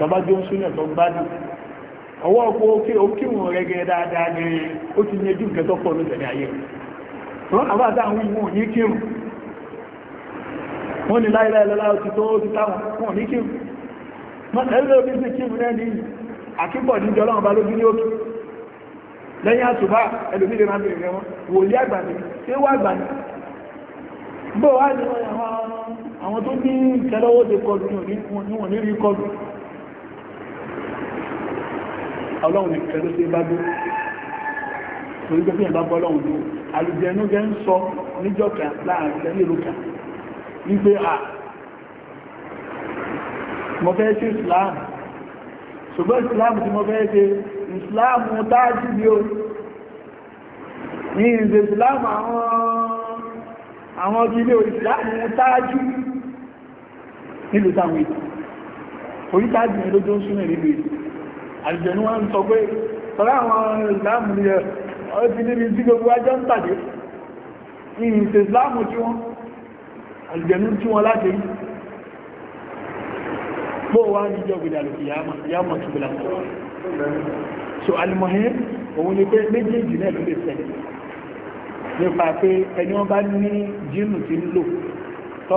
tọba jó ń súnà tó gbádùn ọwọ́ ọ̀pọ̀ òkè òkè wọn rẹ̀gẹ̀ dáadáa ní ó ti yẹjú nǹkan tó pọ̀ lóṣẹ̀lẹ̀ ayé wọn àbá àtàwọn ìwọ̀n ní kírun wọ́n ni láìláìlọ́lá ti tó ti táwọn wọn ní kírun ẹgbẹ́ omi sí kírun náà ní àkíbọ̀ ní jọ lọ́wọ́ bá lójú ní òkè lẹ́yìn àtùbá ẹlòmí lè máa bèèrè wọn wòlí àgbà ní ṣé wà àgbà ní bó wá ní àwọn tó ní ìtẹ́lọ́wọ́ ọlọ́run nìkan ló ṣe bá dó torí pé fíyàn bá bọ́ ọlọ́run dó àlùjẹnú jẹ́ ń sọ níjọ́ kan láàrin ẹni ìlú kan wípé à mo fẹ́ ṣe Islam ṣùgbọ́n Islam tí mo fẹ́ ṣe Islam táàjì ni ó ní ìṣe Islam àwọn ilé Islam táàjì nílùú táwọn ìtàn orí táàjì ni ń súnmọ̀ nílùú ìtàn àjẹ̀nú wọn sọ pé sọ́rọ̀ àwọn ìsìláàmù ni ọ ti níbi tí gbogbo ajọ́ ń tàdé ìhìn ìsẹ̀ ìsìláàmù tí wọ́n àjẹ̀nú tí wọ́n láti rí bó wá ní ìjọ gbìdà lòkì yàmọ̀ tó gbìdà so alimohim òun ni pé méjèèjì náà ló lè ṣẹlẹ̀ nípa pé ẹni wọ́n bá ní jíìmù tí ń lò tó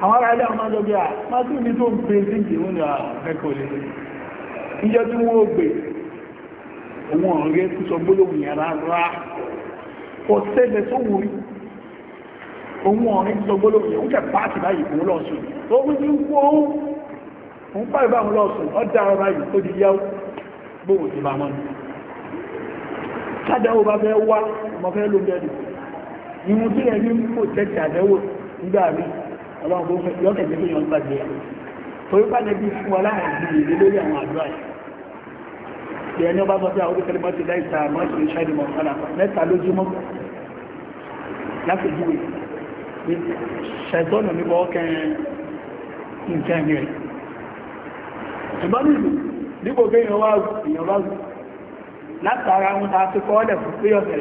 àwọn ará ilé àwọn ọmọdé bíà má sí ibi tó ń pè sí ìwọ̀n ní ah, ẹ̀kọ́ lè ìjọ tí wọ́n gbé òun ọ̀rẹ́ tó sọ gbólóhùn yẹn rárá kò sẹ́gbẹ̀ tó wù rí òun ọ̀rẹ́ tó sọ gbólóhùn yẹn ó kẹ́ pàtì báyìí fún lọ́sùn tó wí ní kó òun pàì bá òun lọ́sùn ó dá ọ̀rá yìí tó di yáwó gbóhùn sí bàmọ́ ni sádáwó bá fẹ́ wá ọmọ fẹ́ ló bẹ̀rù ìrùn ọlọ́run bó fẹ́ yọ́kẹ̀ jẹ́ kéèyàn gbàgbé ẹ̀ torí bá nẹbí fún wa láwọn ìdílé ilé lórí àwọn àdúrà ẹ̀ bí ẹni ọba sọ pé àwọn olùkẹ́lẹ́ mọ́tì láìta mọ́tì ìṣáìdì mọ̀ ọ̀pọ̀lọpọ̀ mẹ́ta lójúmọ́ láti júwe ṣẹ̀tọ́nù nípa ọkẹrin nǹkan rẹ̀ ṣùgbọ́n nìlú dípò pé èèyàn wá èèyàn bá wù látara wọn ta fi kọ́ọ́lẹ̀ fún pé ọ̀sẹ̀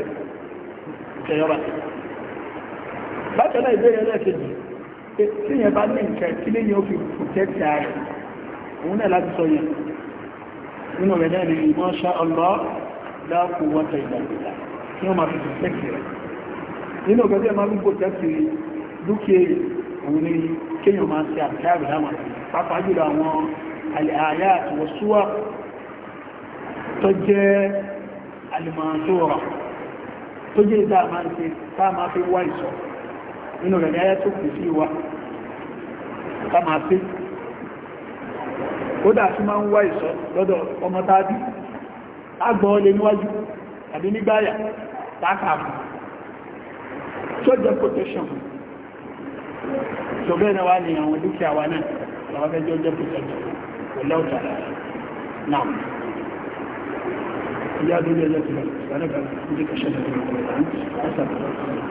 ìṣẹ̀yọba bákan náà ìbéèrè ẹlẹ́ẹ̀kejì tí yẹn bá ní nǹkan kí lè yẹn ó fi protect ààrẹ òun náà láti sọ yẹn nínú rẹ̀ náà ni ìmọ̀ ṣá ọlọ́ láàkó wọ́tọ̀ ìgbàlódà kí wọ́n máa fi protect rẹ̀ nínú ọ̀gá tí ẹ máa ń protect dúkìá òun ni kéèyàn máa ṣe àbíkáàrù láwọn pàápàá jùlọ àwọn àyà àtìwọ̀súwà tó jẹ́ alìmọ̀ràn tó rọ̀ tó jẹ́ ìdá máa ń ṣe tá máa fi wá ìsọ̀rọ̀ nínú rẹ̀ ní ayẹ́ tó kù sí wa ká máa pé ó dà sí máa ń wá ìṣọ́ lọ́dọ̀ ọmọ tàbí agbọ́n lè níwájú àbí nígbàyà tákàmù tó jẹ́ protection ṣọ̀bẹ́ náà wá ní àwọn dúkìá wa náà lọ́wọ́ fẹ́ jẹ́ protection kò lọ́ọ̀tà náà يا دنيا لا تبالي سبحانك